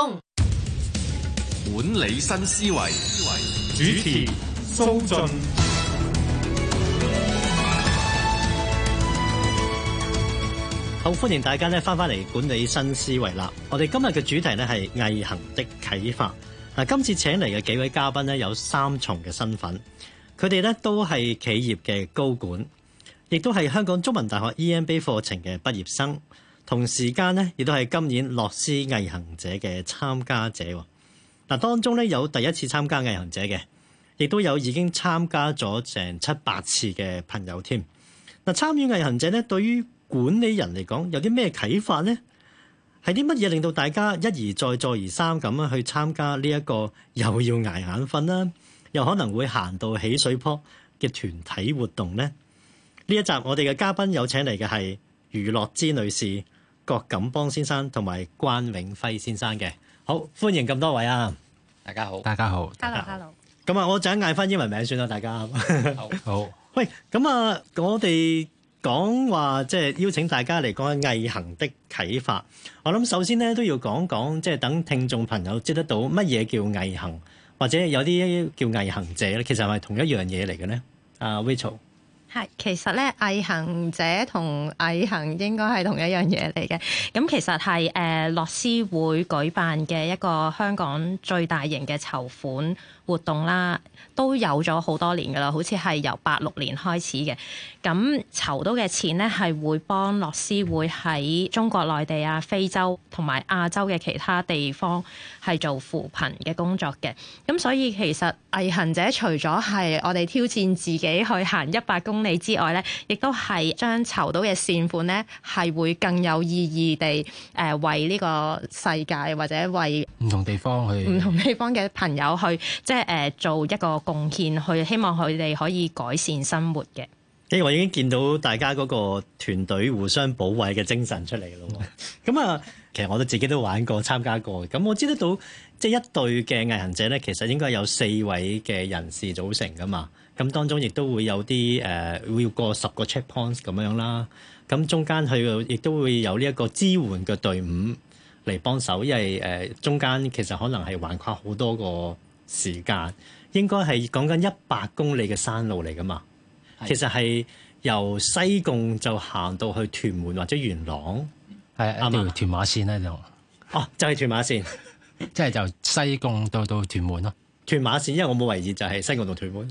管理新思維，主持蘇雋，好歡迎大家咧，翻返嚟管理新思維啦。我哋今日嘅主題咧係毅行的啟發。嗱，今次請嚟嘅幾位嘉賓咧有三重嘅身份，佢哋咧都係企業嘅高管，亦都係香港中文大學 EMBA 課程嘅畢業生。同時間咧，亦都係今年樂施毅行者嘅參加者。嗱，當中咧有第一次參加毅行者嘅，亦都有已經參加咗成七八次嘅朋友添。嗱，參與毅行者咧，對於管理人嚟講，有啲咩啟發呢？係啲乜嘢令到大家一而再、再而三咁樣去參加呢一個又要捱眼瞓啦，又可能會行到起水泡嘅團體活動呢？呢一集我哋嘅嘉賓有請嚟嘅係余樂之女士。郭錦邦先生同埋關永輝先生嘅。好，歡迎咁多位啊！大家好，大家好，hello hello。咁啊，我就嗌翻英文名算啦，大家。好，好。喂，咁啊，我哋講話即係邀請大家嚟講下毅行的啟發。我諗首先咧都要講講，即係等聽眾朋友知得到乜嘢叫毅行，或者有啲叫毅行者咧，其實係咪同一樣嘢嚟嘅咧？啊，威潮。係，其實咧，毅行者同毅行應該係同一樣嘢嚟嘅。咁其實係誒樂施會舉辦嘅一個香港最大型嘅籌款活動啦，都有咗好多年噶啦，好似係由八六年開始嘅。咁籌到嘅錢咧，係會幫樂施會喺中國內地啊、非洲同埋亞洲嘅其他地方係做扶貧嘅工作嘅。咁所以其實毅行者除咗係我哋挑戰自己去行一百公里之外咧，亦都係將籌到嘅善款咧，係會更有意義地誒為呢個世界或者為唔同地方去唔同地方嘅朋友去即係。誒，做一個貢獻，去希望佢哋可以改善生活嘅。咁我已經見到大家嗰個團隊互相保衛嘅精神出嚟咯。咁啊，其實我都自己都玩過，參加過。咁我知得到，即係一隊嘅毅行者咧，其實應該有四位嘅人士組成噶嘛。咁當中亦都會有啲誒、呃，會要過十個 checkpoints 咁樣啦。咁中間佢亦都會有呢一個支援嘅隊伍嚟幫手，因為誒、呃、中間其實可能係橫跨好多個。時間應該係講緊一百公里嘅山路嚟㗎嘛？其實係由西貢就行到去屯門或者元朗，係一條屯馬線咧就。哦，就係屯馬線，即係由西貢到到屯門咯。屯馬線，因為我冇為意，就係西貢到屯門。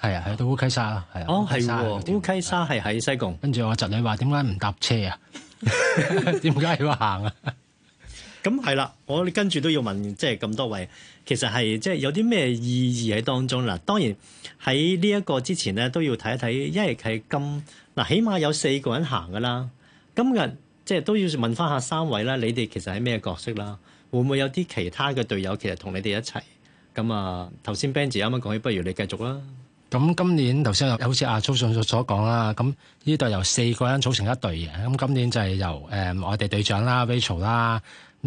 係啊，係到烏溪沙啦，係啊。哦，係烏溪沙係喺西貢。跟住我侄女話：點解唔搭車啊？點解要行啊？咁係啦，我哋跟住都要問，即係咁多位。其實係即係有啲咩意義喺當中啦。當然喺呢一個之前咧，都要睇一睇，因為佢今嗱起碼有四個人行噶啦。今日即係都要問翻下三位啦，你哋其實係咩角色啦？會唔會有啲其他嘅隊友其實同你哋一齊？咁啊，頭先 Benji 啱啱講起，不如你繼續啦。咁今年頭先好似阿蘇所講啦，咁呢度由四個人組成一隊嘅。咁今年就係由誒、呃、我哋隊長啦，Rachel 啦。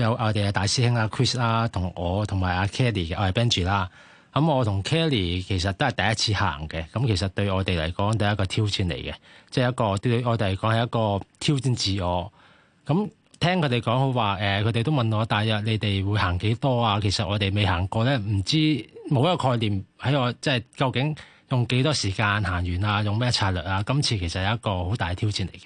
有我哋啊，大師兄啊，Chris 啦，同我同埋阿 Kelly 嘅，我係 Benji 啦。咁我同 Kelly 其實都係第一次行嘅，咁其實對我哋嚟講，第一個挑戰嚟嘅，即係一個對我哋嚟講係一個挑戰自我。咁聽佢哋講好話，誒，佢哋都問我，大約你哋會行幾多啊？其實我哋未行過咧，唔知冇一個概念喺我，即係究竟用幾多時間行完啊？用咩策略啊？今次其實係一個好大嘅挑戰嚟嘅，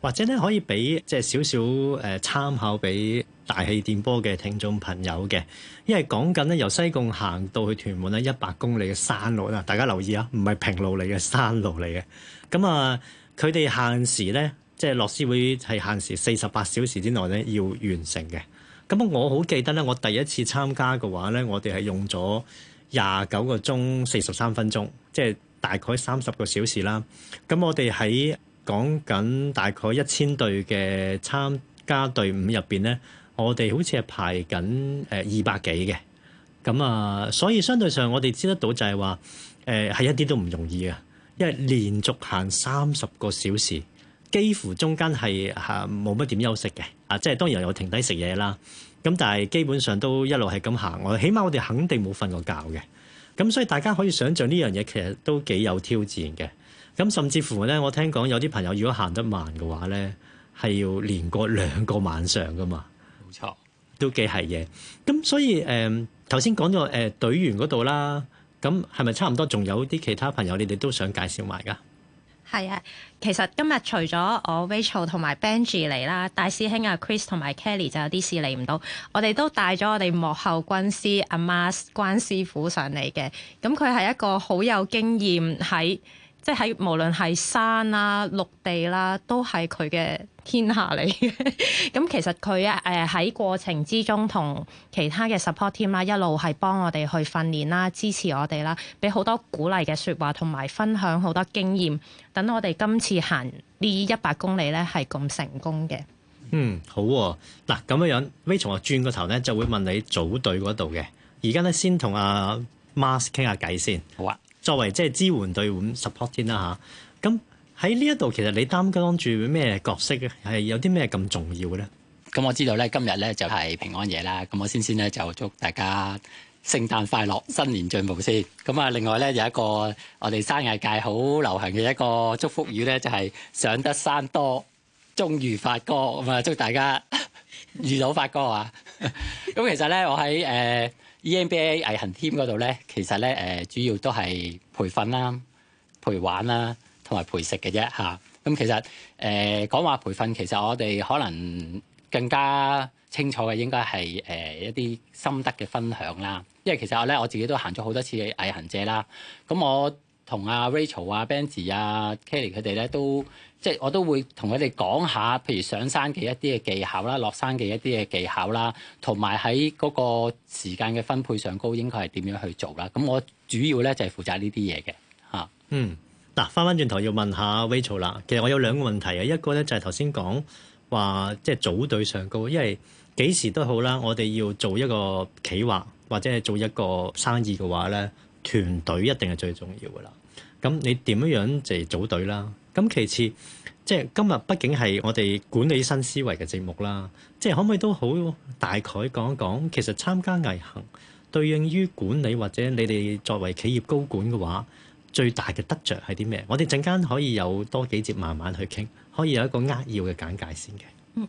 或者咧可以俾即係少少誒參考俾，大氣電波嘅聽眾朋友嘅，因為講緊咧，由西貢行到去屯門咧，一百公里嘅山路啦。大家留意啊，唔係平路嚟嘅，山路嚟嘅。咁啊，佢哋限時咧，即係樂施會係限時四十八小時之內咧，要完成嘅。咁我好記得咧，我第一次參加嘅話咧，我哋係用咗廿九個鐘四十三分鐘，即係大概三十個小時啦。咁我哋喺講緊大概一千隊嘅參加隊伍入邊咧。我哋好似係排緊誒二百幾嘅咁啊，所以相對上我哋知得到就係話誒係一啲都唔容易啊，因為連續行三十個小時，幾乎中間係行冇乜點休息嘅啊。即係當然有停低食嘢啦。咁、啊、但係基本上都一路係咁行，起碼我起碼我哋肯定冇瞓過覺嘅。咁所以大家可以想象呢樣嘢其實都幾有挑戰嘅。咁甚至乎咧，我聽講有啲朋友如果行得慢嘅話咧，係要連過兩個晚上噶嘛。錯，都幾係嘅。咁所以，誒、呃，頭先講咗，誒、呃，隊員嗰度啦，咁係咪差唔多？仲有啲其他朋友，你哋都想介紹埋㗎？係啊，其實今日除咗我 Rachel 同埋 Benji 嚟啦，大師兄啊 Chris 同埋 Kelly 就有啲事嚟唔到，我哋都帶咗我哋幕後軍師阿 Mas 關師傅上嚟嘅。咁佢係一個好有經驗喺。即係喺無論係山啦、啊、陸地啦、啊，都係佢嘅天下嚟嘅。咁 其實佢誒喺過程之中，同其他嘅 support team 啦，一路係幫我哋去訓練啦、支持我哋啦，俾好多鼓勵嘅説話，同埋分享好多經驗，等我哋今次行呢一百公里咧係咁成功嘅。嗯，好嗱、啊，咁樣樣 Rachel 我轉個頭咧，就會問你組隊嗰度嘅。而家咧先同阿 Mark 傾下偈先。好啊。作為即係支援隊伍，support 先啦嚇，咁喺呢一度其實你擔當住咩角色咧？係有啲咩咁重要嘅咧？咁我知道咧，今日咧就係平安夜啦。咁我先先咧就祝大家聖誕快樂、新年進步先。咁啊，另外咧有一個我哋山藝界好流行嘅一個祝福語咧，就係上得山多，終於發哥咁啊！祝大家遇到發哥啊！咁其實咧，我喺誒。EMBA 毅行添嗰度咧，其實咧誒，主要都係培訓啦、陪玩啦，同埋陪食嘅啫嚇。咁其實誒，講話培訓，其實我哋可能更加清楚嘅應該係誒、呃、一啲心得嘅分享啦。因為其實我咧，我自己都行咗好多次嘅毅行者啦。咁我同阿 Rachel 啊、Benji 啊、Kelly 佢哋咧，都即係我都會同佢哋講下，譬如上山嘅一啲嘅技巧啦，落山嘅一啲嘅技巧啦，同埋喺嗰個時間嘅分配上高應該係點樣去做啦？咁我主要咧就係負責呢啲嘢嘅吓。啊、嗯，嗱，翻翻轉頭要問下 Rachel 啦。其實我有兩個問題，啊，一個咧就係頭先講話，即係、就是、組隊上高，因為幾時都好啦，我哋要做一個企劃或者係做一個生意嘅話咧。團隊一定係最重要噶啦，咁你點樣樣就係組隊啦？咁其次，即係今日畢竟係我哋管理新思維嘅節目啦，即係可唔可以都好大概講一講？其實參加毅行，對應於管理或者你哋作為企業高管嘅話，最大嘅得着係啲咩？我哋陣間可以有多幾節慢慢去傾，可以有一個扼要嘅簡介先嘅。嗯，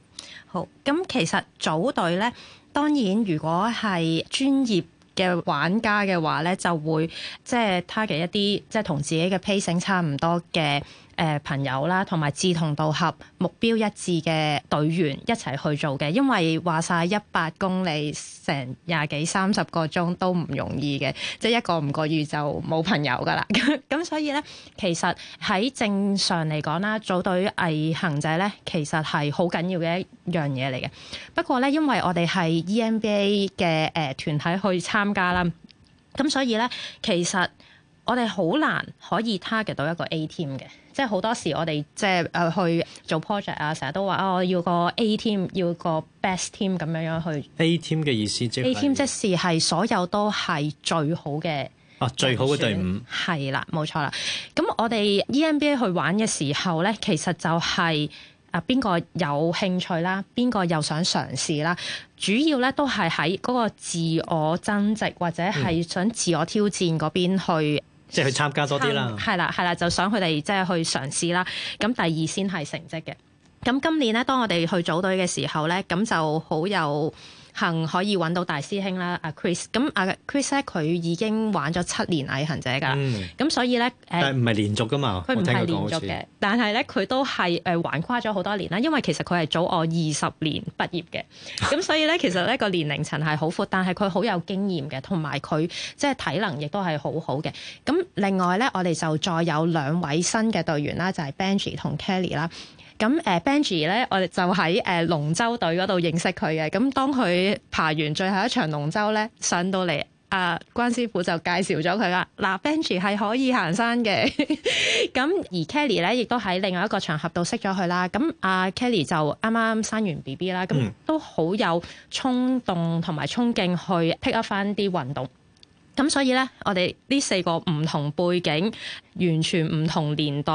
好。咁其實組隊咧，當然如果係專業嘅玩家嘅話咧，就會即係 target 一啲即係同自己嘅 pacing 差唔多嘅。誒朋友啦，同埋志同道合、目標一致嘅隊員一齊去做嘅，因為話晒一百公里成廿幾三十個鐘都唔容易嘅，即係一個唔個月就冇朋友噶啦。咁 所以咧，其實喺正常嚟講啦，組隊毅行者咧，其實係好緊要嘅一樣嘢嚟嘅。不過咧，因為我哋係 EMBA 嘅誒、呃、團體去參加啦，咁所以咧，其實。我哋好難可以 target 到一個 A team 嘅，即係好多時我哋即係誒去做 project 啊，成日都話啊、哦，我要個 A team 要個 best team 咁樣樣去。A team 嘅意思即、就、係、是、A team 即是係所有都係最好嘅。啊，最好嘅隊伍係啦，冇錯啦。咁我哋 EMBA 去玩嘅時候咧，其實就係啊邊個有興趣啦，邊個又想嘗試啦，主要咧都係喺嗰個自我增值或者係想自我挑戰嗰邊去。嗯即係去參加多啲啦，係啦係啦，就想佢哋即係去嘗試啦。咁第二先係成績嘅。咁今年咧，當我哋去組隊嘅時候咧，咁就好有行可以揾到大師兄啦，阿 Chris。咁阿 Chris 咧佢已經玩咗七年毅行者㗎，咁、嗯、所以咧誒，但係唔係連續㗎嘛？佢唔係連續嘅，但係咧佢都係誒橫跨咗好多年啦。因為其實佢係早我二十年畢業嘅，咁 所以咧其實咧個年齡層係好闊，但係佢好有經驗嘅，同埋佢即係體能亦都係好好嘅。咁另外咧，我哋就再有兩位新嘅隊員啦，就係、是、Benji 同 Kelly 啦。咁誒 Benji 咧，我哋就喺誒、呃、龍舟隊嗰度認識佢嘅。咁當佢爬完最後一場龍舟咧，上到嚟，阿、呃、關師傅就介紹咗佢啦。嗱、呃、Benji 係可以行山嘅。咁 而 Kelly 咧，亦都喺另外一個場合度識咗佢啦。咁阿、啊、Kelly 就啱啱生完 BB 啦，咁都好有衝動同埋衝勁去 pick up 翻啲運動。咁所以咧，我哋呢四個唔同背景，完全唔同年代，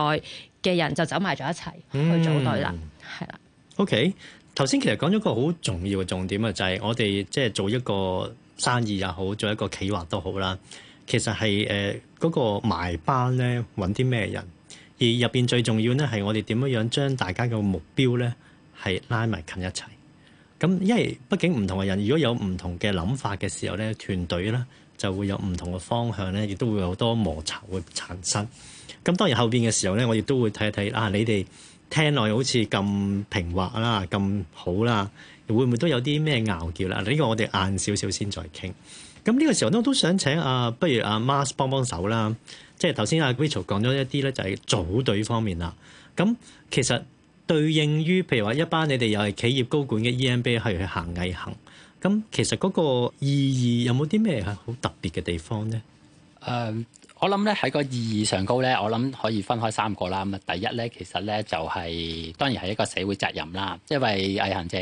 嘅人就走埋咗一齊去組隊啦，係啦、嗯。的 OK，頭先其實講咗個好重要嘅重點啊，就係、是、我哋即係做一個生意也好，做一個企劃都好啦。其實係誒嗰個埋班咧，揾啲咩人？而入邊最重要咧，係我哋點樣樣將大家嘅目標咧係拉埋近一齊。咁因為畢竟唔同嘅人，如果有唔同嘅諗法嘅時候咧，團隊咧就會有唔同嘅方向咧，亦都會有好多摩擦會產生。咁當然後邊嘅時候咧，我亦都會睇一睇啊！你哋聽落好似咁平滑啦，咁好啦，會唔會都有啲咩拗撬啦？呢、呢個我哋晏少少先再傾。咁呢個時候咧，我都想請啊，不如阿、啊、Mas 幫幫手啦。即係頭先阿 Rachel 講咗一啲咧，就係組隊方面啦。咁其實對應於譬如話一班你哋又係企業高管嘅 EMBA 係去行毅行，咁其實嗰個意義有冇啲咩係好特別嘅地方咧？誒、uh。我諗咧喺個意義上高咧，我諗可以分開三個啦。咁啊，第一咧其實咧就係、是、當然係一個社會責任啦，因為毅行者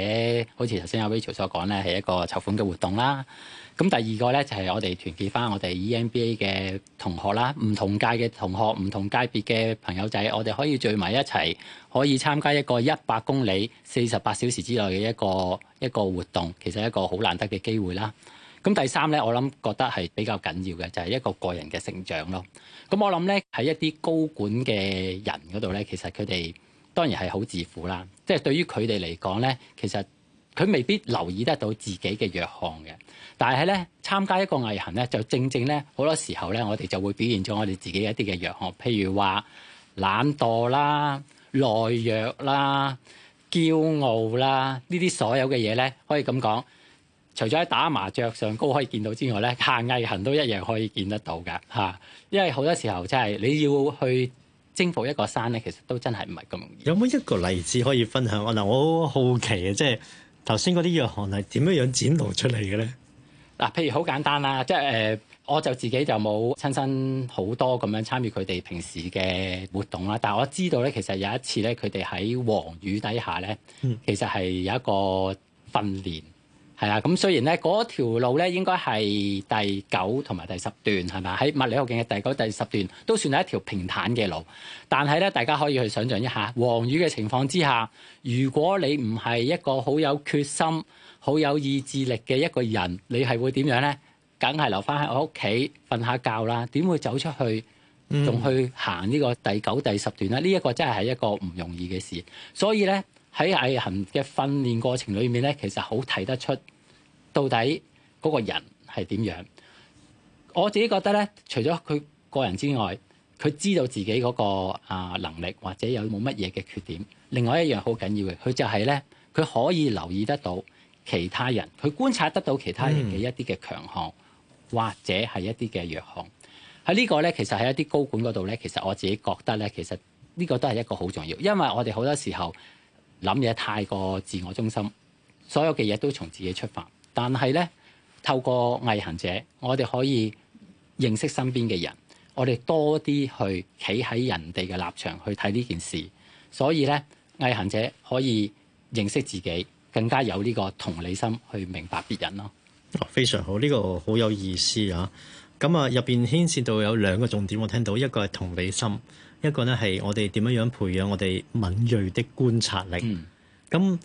好似頭先阿 Rachel 所講咧，係一個籌款嘅活動啦。咁第二個咧就係、是、我哋團結翻我哋 EMBA 嘅同學啦，唔同屆嘅同學，唔同界別嘅朋友仔，我哋可以聚埋一齊，可以參加一個一百公里、四十八小時之內嘅一個一個活動，其實一個好難得嘅機會啦。咁第三咧，我諗覺得係比較緊要嘅，就係一個個人嘅成長咯。咁我諗咧喺一啲高管嘅人嗰度咧，其實佢哋當然係好自負啦。即係對於佢哋嚟講咧，其實佢未必留意得到自己嘅弱項嘅。但係咧，參加一個毅行咧，就正正咧好多時候咧，我哋就會表現咗我哋自己一啲嘅弱項，譬如話懶惰啦、懦弱啦、驕傲啦，呢啲所有嘅嘢咧，可以咁講。除咗喺打麻雀上高可以見到之外咧，行毅行都一樣可以見得到嘅嚇、啊。因為好多時候即係你要去征服一個山咧，其實都真係唔係咁容易。有冇一個例子可以分享？嗱、啊，我好好奇嘅即係頭先嗰啲弱項係點樣樣展露出嚟嘅咧？嗱、啊，譬如好簡單啦，即係誒、呃，我就自己就冇親身好多咁樣參與佢哋平時嘅活動啦。但係我知道咧，其實有一次咧，佢哋喺黃雨底下咧，嗯、其實係有一個訓練。係啊，咁雖然咧嗰條路咧應該係第九同埋第十段係咪？喺麥理浩徑嘅第九、第十段都算係一條平坦嘅路，但係咧大家可以去想象一下，黃雨嘅情況之下，如果你唔係一個好有決心、好有意志力嘅一個人，你係會點樣咧？梗係留翻喺我屋企瞓下覺啦，點會走出去仲去行呢個第九、第十段咧？呢一個真係係一個唔容易嘅事，所以咧。喺毅行嘅訓練過程裏面咧，其實好睇得出到底嗰個人係點樣。我自己覺得咧，除咗佢個人之外，佢知道自己嗰個啊能力或者有冇乜嘢嘅缺點。另外一樣好緊要嘅，佢就係咧，佢可以留意得到其他人，佢觀察得到其他人嘅一啲嘅強項、嗯、或者係一啲嘅弱項。喺呢個咧，其實喺一啲高管嗰度咧，其實我自己覺得咧，其實呢個都係一個好重要，因為我哋好多時候，諗嘢太過自我中心，所有嘅嘢都從自己出發。但係咧，透過毅行者，我哋可以認識身邊嘅人，我哋多啲去企喺人哋嘅立場去睇呢件事。所以咧，毅行者可以認識自己，更加有呢個同理心去明白別人咯。非常好，呢個好有意思啊！咁啊，入邊牽涉到有兩個重點，我聽到一個係同理心。一個咧係我哋點樣樣培養我哋敏鋭的觀察力。咁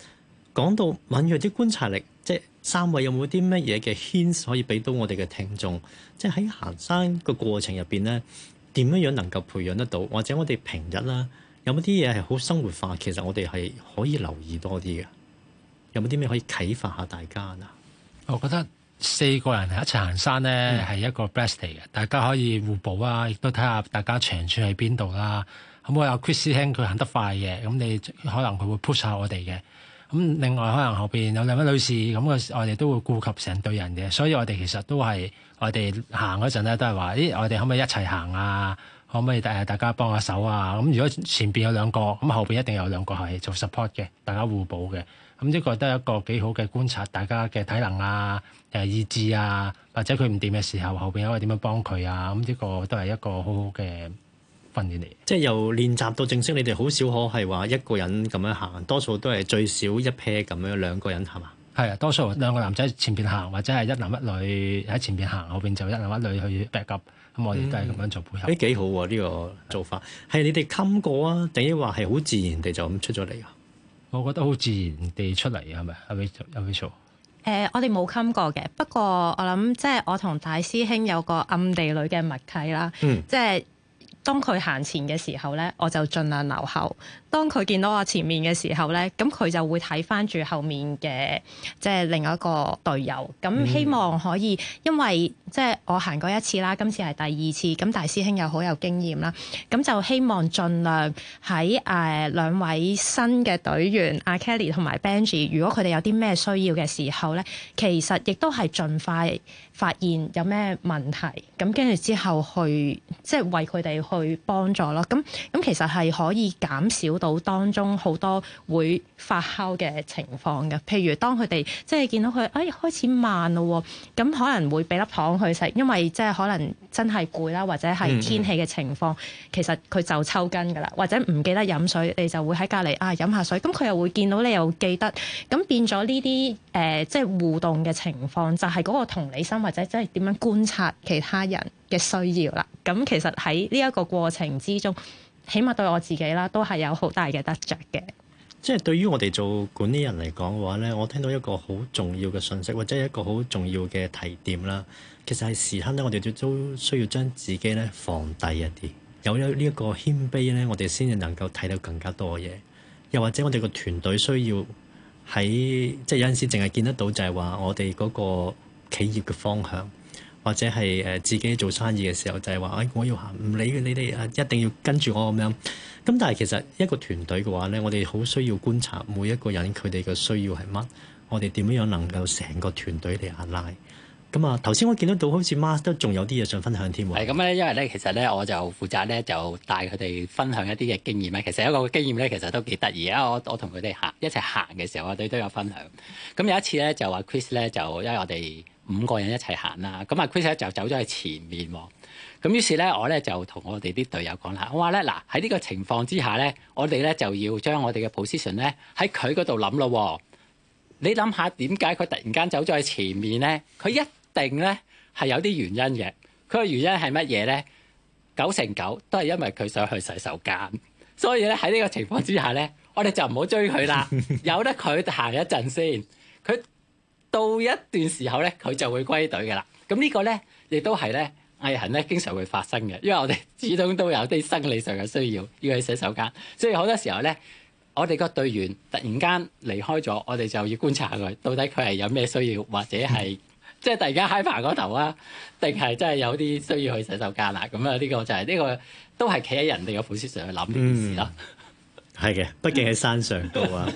講、嗯、到敏鋭的觀察力，即、就、係、是、三位有冇啲乜嘢嘅 hints 可以俾到我哋嘅聽眾？即係喺行山個過程入邊咧，點樣樣能夠培養得到，或者我哋平日啦，有冇啲嘢係好生活化，其實我哋係可以留意多啲嘅。有冇啲咩可以啟發下大家嗱？我覺得。四個人一齊行山咧，係、嗯、一個 best day 嘅，大家可以互補啊，亦都睇下大家長處喺邊度啦。咁我有 Chris 兄佢行得快嘅，咁你可能佢會 push 下我哋嘅。咁另外可能後邊有兩位女士，咁我哋都會顧及成隊人嘅，所以我哋其實都係我哋行嗰陣咧，都係話，咦，我哋可唔可以一齊行啊？可唔可以誒、呃、大家幫下手啊？咁如果前邊有兩個，咁後邊一定有兩個係做 support 嘅，大家互補嘅。咁呢個都係一個幾好嘅觀察，大家嘅體能啊、誒、呃、意志啊，或者佢唔掂嘅時候，後邊可以點樣幫佢啊？咁、嗯、呢、這個都係一個好好嘅訓練嚟。即係由練習到正式，你哋好少可係話一個人咁樣行，多數都係最少一 pair 咁樣兩個人行啊？係啊，多數兩個男仔前邊行，或者係一男一女喺前邊行，後邊就一男一女去 back up、嗯。咁我哋都係咁樣做配合。誒幾好喎呢、這個做法，係是對你哋冚過啊，定抑話係好自然地就咁出咗嚟？我覺得好自然地出嚟，係咪？係咪有咩錯？誒、呃，我哋冇冚過嘅。不過我諗，即係我同大師兄有個暗地裏嘅默契啦。嗯、即係當佢行前嘅時候咧，我就盡量留後。當佢見到我前面嘅時候咧，咁佢就會睇翻住後面嘅即係另一個隊友，咁、嗯、希望可以，因為即係我行過一次啦，今次係第二次，咁大師兄又好有經驗啦，咁就希望盡量喺誒、呃、兩位新嘅隊員阿 Kelly 同埋 Benji 如果佢哋有啲咩需要嘅時候咧，其實亦都係盡快發現有咩問題，咁跟住之後去即係為佢哋去幫助咯。咁咁其實係可以減少。到當中好多會發酵嘅情況嘅，譬如當佢哋即係見到佢，哎開始慢咯，咁可能會俾粒糖佢食，因為即係可能真係攰啦，或者係天氣嘅情況，其實佢就抽筋噶啦，或者唔記得飲水，你就會喺隔離啊飲下水，咁佢又會見到你又記得，咁變咗呢啲誒即係互動嘅情況，就係嗰個同理心或者即係點樣觀察其他人嘅需要啦。咁其實喺呢一個過程之中。起碼對我自己啦，都係有好大嘅得着嘅。即係對於我哋做管理人嚟講嘅話咧，我聽到一個好重要嘅信息，或者一個好重要嘅提點啦。其實係時刻咧，我哋都需要將自己咧放低一啲，有咗呢一個謙卑咧，我哋先至能夠睇到更加多嘢。又或者我哋個團隊需要喺即係有陣時淨係見得到，就係話我哋嗰個企業嘅方向。或者係誒自己做生意嘅時候，就係話，誒我要行，唔理你哋誒，一定要跟住我咁樣。咁但係其實一個團隊嘅話咧，我哋好需要觀察每一個人佢哋嘅需要係乜，我哋點樣樣能夠成個團隊嚟行啦。咁啊，頭先我見得到好似 Mark 都仲有啲嘢想分享添喎。係咁咧，因為咧，其實咧，我就負責咧就帶佢哋分享一啲嘅經驗啦。其實一個經驗咧，其實都幾得意啊！我我同佢哋行一齊行嘅時候，我哋都有分享。咁有一次咧，就話 Chris 咧就因為我哋。五個人一齊行啦，咁啊，Chris 就走咗喺前面，咁於是咧我咧就同我哋啲隊友講啦，我話咧嗱喺呢個情況之下咧，我哋咧就要將我哋嘅 position 咧喺佢嗰度諗咯，你諗下點解佢突然間走咗喺前面咧？佢一定咧係有啲原因嘅，佢嘅原因係乜嘢咧？九成九都係因為佢想去洗手間，所以咧喺呢個情況之下咧，我哋就唔好追佢啦，由得佢行一陣先，佢到一段時候咧，佢就會歸隊嘅啦。咁呢個咧，亦都係咧，毅行咧經常會發生嘅。因為我哋始終都有啲生理上嘅需要要去洗手間，所以好多時候咧，我哋個隊員突然間離開咗，我哋就要觀察下佢到底佢係有咩需要，或者係、嗯、即係突然間喺棚嗰頭啊，定係真係有啲需要去洗手間啦。咁啊，呢個就係、係、呢、呢個都係企喺人哋嘅款式上去諗呢件事咯。嗯係嘅，畢竟喺山上度啊。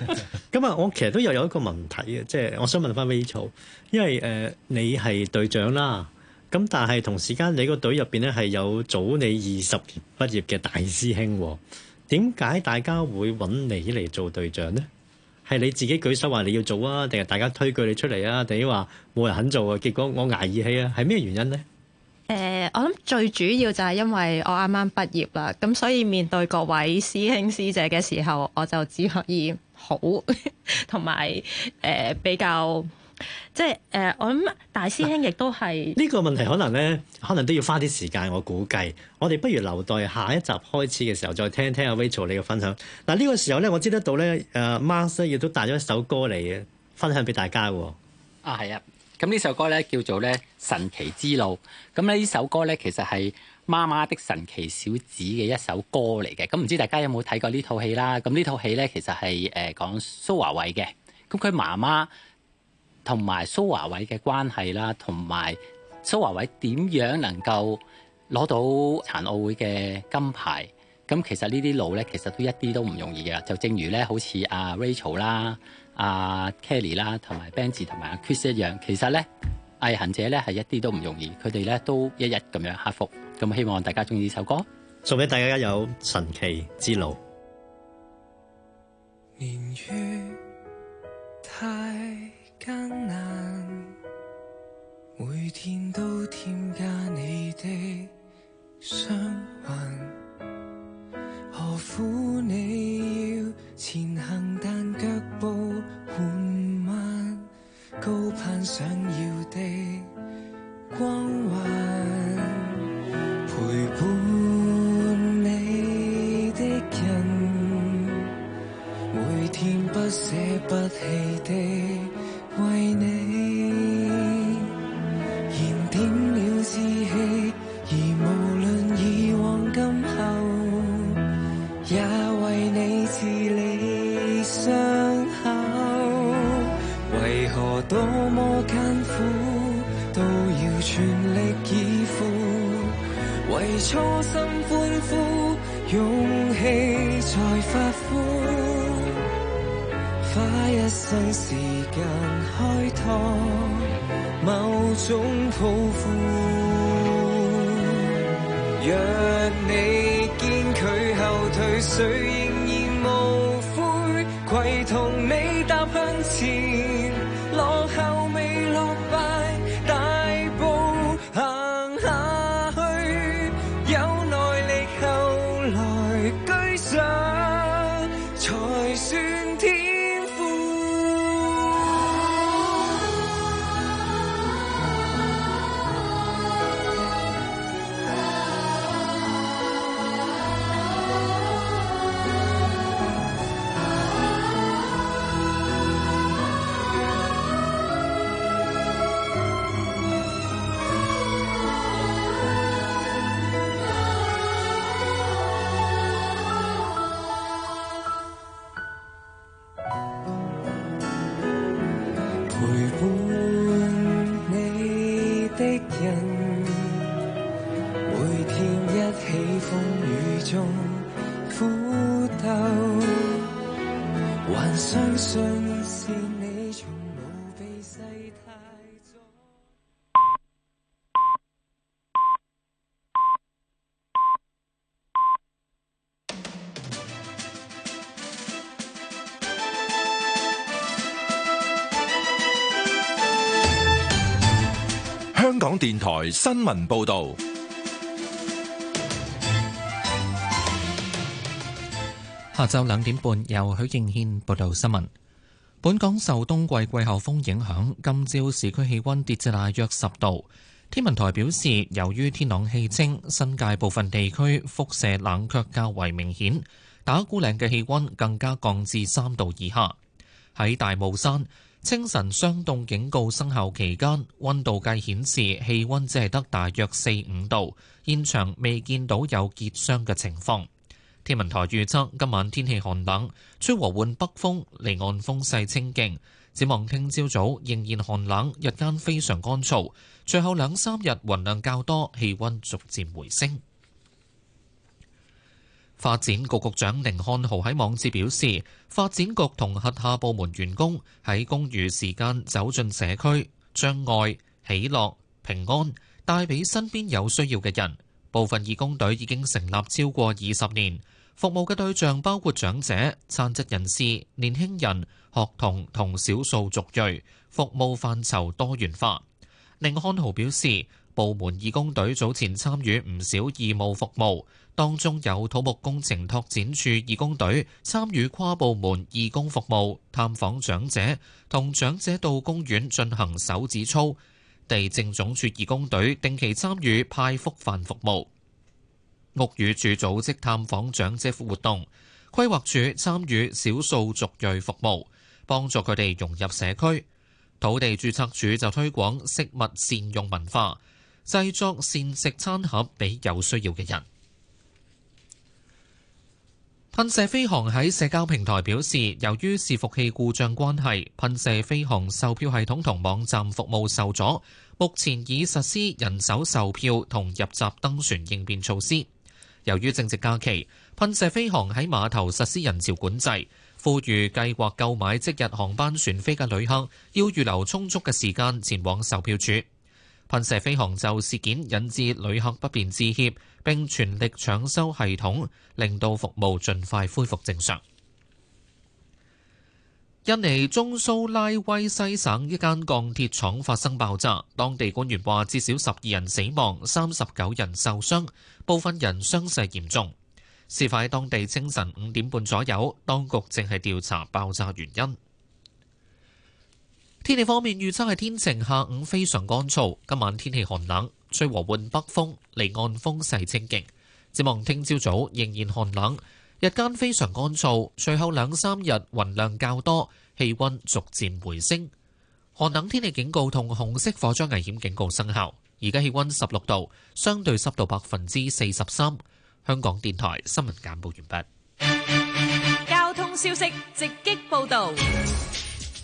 咁啊，我其實都有有一個問題啊。即係我想問翻俾曹，因為誒、呃、你係隊長啦。咁但係同時間你個隊入邊咧係有早你二十年畢業嘅大師兄，點解大家會揾你嚟做隊長呢？係你自己舉手話你要做啊，定係大家推舉你出嚟啊？定係話冇人肯做啊？結果我捱義氣啊，係咩原因咧？誒、呃，我諗最主要就係因為我啱啱畢業啦，咁所以面對各位師兄師姐嘅時候，我就只可以好同埋誒比較，即係誒我諗大師兄亦都係呢個問題可能呢，可能咧，可能都要花啲時間。我估計，我哋不如留待下一集開始嘅時候再聽聽阿 Rachel 你嘅分享。嗱、呃，呢、這個時候咧，我知得到咧，誒、啊，馬 Sir 亦都帶咗一首歌嚟嘅，分享俾大家嘅。啊，係啊。咁呢首歌咧叫做咧神奇之路。咁咧呢首歌咧其實係媽媽的神奇小子嘅一首歌嚟嘅。咁唔知大家有冇睇過呢套戲啦？咁呢套戲咧其實係誒講蘇華偉嘅。咁佢媽媽同埋蘇華偉嘅關係啦，同埋蘇華偉點樣能夠攞到殘奧會嘅金牌？咁其實呢啲路咧，其實都一啲都唔容易嘅啦。就正如咧，好似阿 Rachel 啦。阿、啊、Kelly 啦，同埋 Benz 同埋阿 Chris 一樣，其實咧，毅行者咧係一啲都唔容易，佢哋咧都一日咁樣克服，咁希望大家中意呢首歌，送俾大家一首《神奇之路》。年月太艱難，每天都添加你的傷患，何苦你要前行，但腳步。高攀想要的光環，陪伴你的人，每天不捨不棄的。電台新聞報道。下晝兩點半，由許敬軒報道新聞。本港受冬季季候風影響，今朝市區氣溫跌至大約十度。天文台表示，由於天朗氣清，新界部分地區輻射冷卻較為明顯，打鼓嶺嘅氣温更加降至三度以下。喺大帽山。清晨霜凍警告生效期間，溫度計顯示氣溫只係得大約四五度，現場未見到有結霜嘅情況。天文台預測今晚天氣寒冷，吹和緩北風，離岸風勢清勁。展望聽朝早仍然寒冷，日間非常乾燥。隨後兩三日雲量較多，氣溫逐漸回升。發展局局長寧漢豪喺網誌表示，發展局同轄下部門員工喺公餘時間走進社區，將愛、喜樂、平安帶俾身邊有需要嘅人。部分義工隊已經成立超過二十年，服務嘅對象包括長者、殘疾人士、年輕人、學童同少數族裔，服務範疇多元化。寧漢豪表示，部門義工隊早前參與唔少義務服務，當中有土木工程拓展處義工隊參與跨部門義工服務，探訪長者，同長者到公園進行手指操；地政總署義工隊定期參與派福飯服務；屋宇署組織探訪長者活動；規劃署參與少數族裔服務，幫助佢哋融入社區；土地注冊處就推廣食物善用文化。製作膳食餐盒俾有需要嘅人。噴射飛航喺社交平台表示，由於伺服器故障關係，噴射飛航售票系統同網站服務受阻，目前已實施人手售票同入閘登船應變措施。由於正值假期，噴射飛航喺碼頭實施人潮管制，呼籲計劃購買即日航班船飛嘅旅客要預留充足嘅時間前往售票處。噴射飛航就事件引致旅客不便致歉，並全力搶修系統，令到服務盡快恢復正常。印尼中蘇拉威西省一間鋼鐵廠發生爆炸，當地官員話至少十二人死亡、三十九人受傷，部分人傷勢嚴重。事發喺當地清晨五點半左右，當局正係調查爆炸原因。天氣方面，預測係天晴，下午非常乾燥，今晚天氣寒冷，吹和緩北風，離岸風勢清勁。展望聽朝早仍然寒冷，日間非常乾燥，隨後兩三日雲量較多，氣溫逐漸回升。寒冷天氣警告同紅色火災危險警告生效。而家氣溫十六度，相對濕度百分之四十三。香港電台新聞簡報完畢。交通消息直擊報道。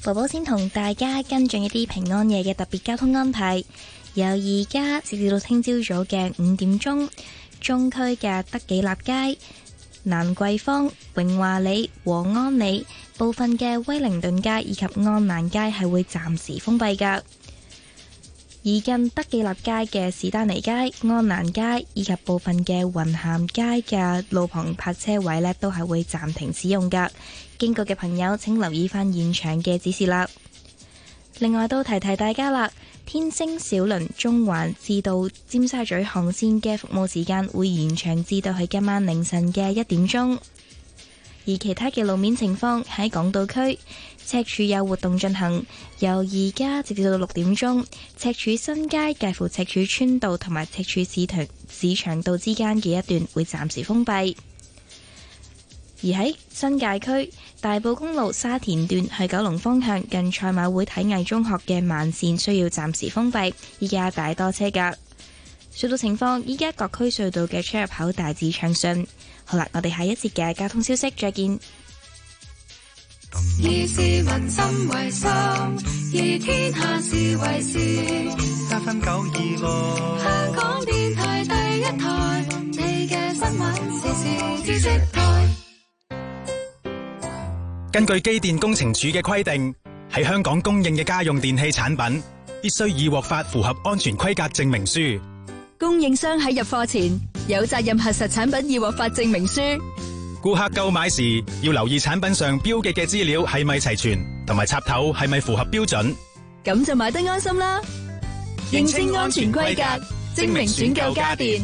寶寶先同大家跟進一啲平安夜嘅特別交通安排，由而家直至到聽朝早嘅五點鐘，中區嘅德己立街、蘭桂坊、榮華里和安里部分嘅威靈頓街以及安蘭街係會暫時封閉噶。而近德記立街嘅史丹尼街、安蘭街以及部分嘅雲咸街嘅路旁泊車位呢，都係會暫停使用噶。經過嘅朋友，請留意翻現場嘅指示啦。另外都提提大家啦，天星小輪中環至到尖沙咀航線嘅服務時間會延長至到喺今晚凌晨嘅一點鐘。而其他嘅路面情況喺港島區。赤柱有活動進行，由而家直至到六點鐘，赤柱新街介乎赤柱村道同埋赤柱市場市場道之間嘅一段會暫時封閉。而喺新界區大埔公路沙田段去九龍方向近賽馬會體藝中學嘅慢線需要暫時封閉，依家，大多車噶，隧道情況。依家各區隧道嘅出入口大致暢順。好啦，我哋下一節嘅交通消息再見。以市民心為心，以天下事為事。三分九二六，香港電台第一台，你嘅新聞時事知識台。根據機電工程署嘅規定，喺香港供應嘅家用電器產品必須已獲發符合安全規格證明書。供應商喺入貨前有責任核實產品已獲發證明書。顧客購買時要留意產品上標記嘅資料係咪齊全，同埋插頭係咪符合標準，咁就買得安心啦。認清安全規格，精明選購家電。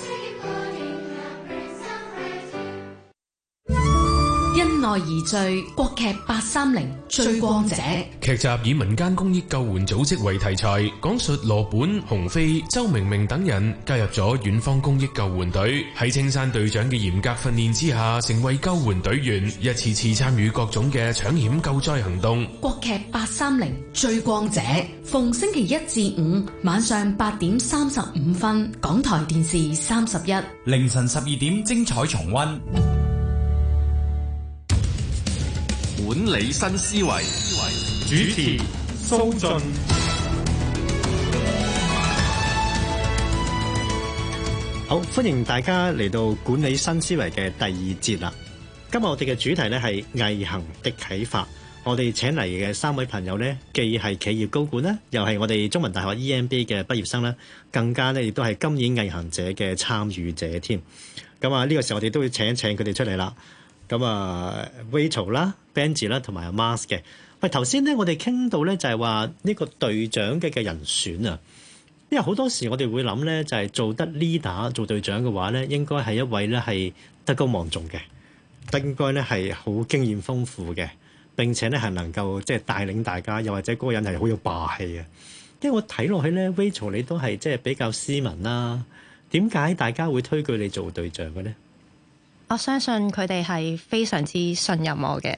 因愛而聚，國劇八三零追光者劇集以民間公益救援組織為題材，講述羅本、洪飛、周明明等人加入咗遠方公益救援隊，喺青山隊長嘅嚴格訓練之下，成為救援隊員，一次次參與各種嘅搶險救災行動。國劇八三零追光者，逢星期一至五晚上八點三十五分，港台電視三十一，凌晨十二點精彩重溫。管理新思維，主持蘇俊。好，歡迎大家嚟到管理新思維嘅第二節啦。今日我哋嘅主題呢係毅行的啟發。我哋請嚟嘅三位朋友呢，既係企業高管啦，又係我哋中文大學 EMBA 嘅畢業生啦，更加呢亦都係今年毅行者嘅參與者添。咁啊，呢個時候我哋都要請一請佢哋出嚟啦。咁啊，Rachel 啦，Benji 啦，同埋阿 Mas 嘅。喂，頭先咧，我哋傾到咧就係話呢個隊長嘅嘅人選啊，因為好多時我哋會諗咧就係、是、做得 leader 做隊長嘅話咧，應該係一位咧係德高望重嘅，應該咧係好經驗豐富嘅，並且咧係能夠即係帶領大家，又或者嗰個人係好有霸氣啊。因為我睇落去咧，Rachel 你都係即係比較斯文啦，點解大家會推舉你做隊長嘅咧？我相信佢哋係非常之信任我嘅，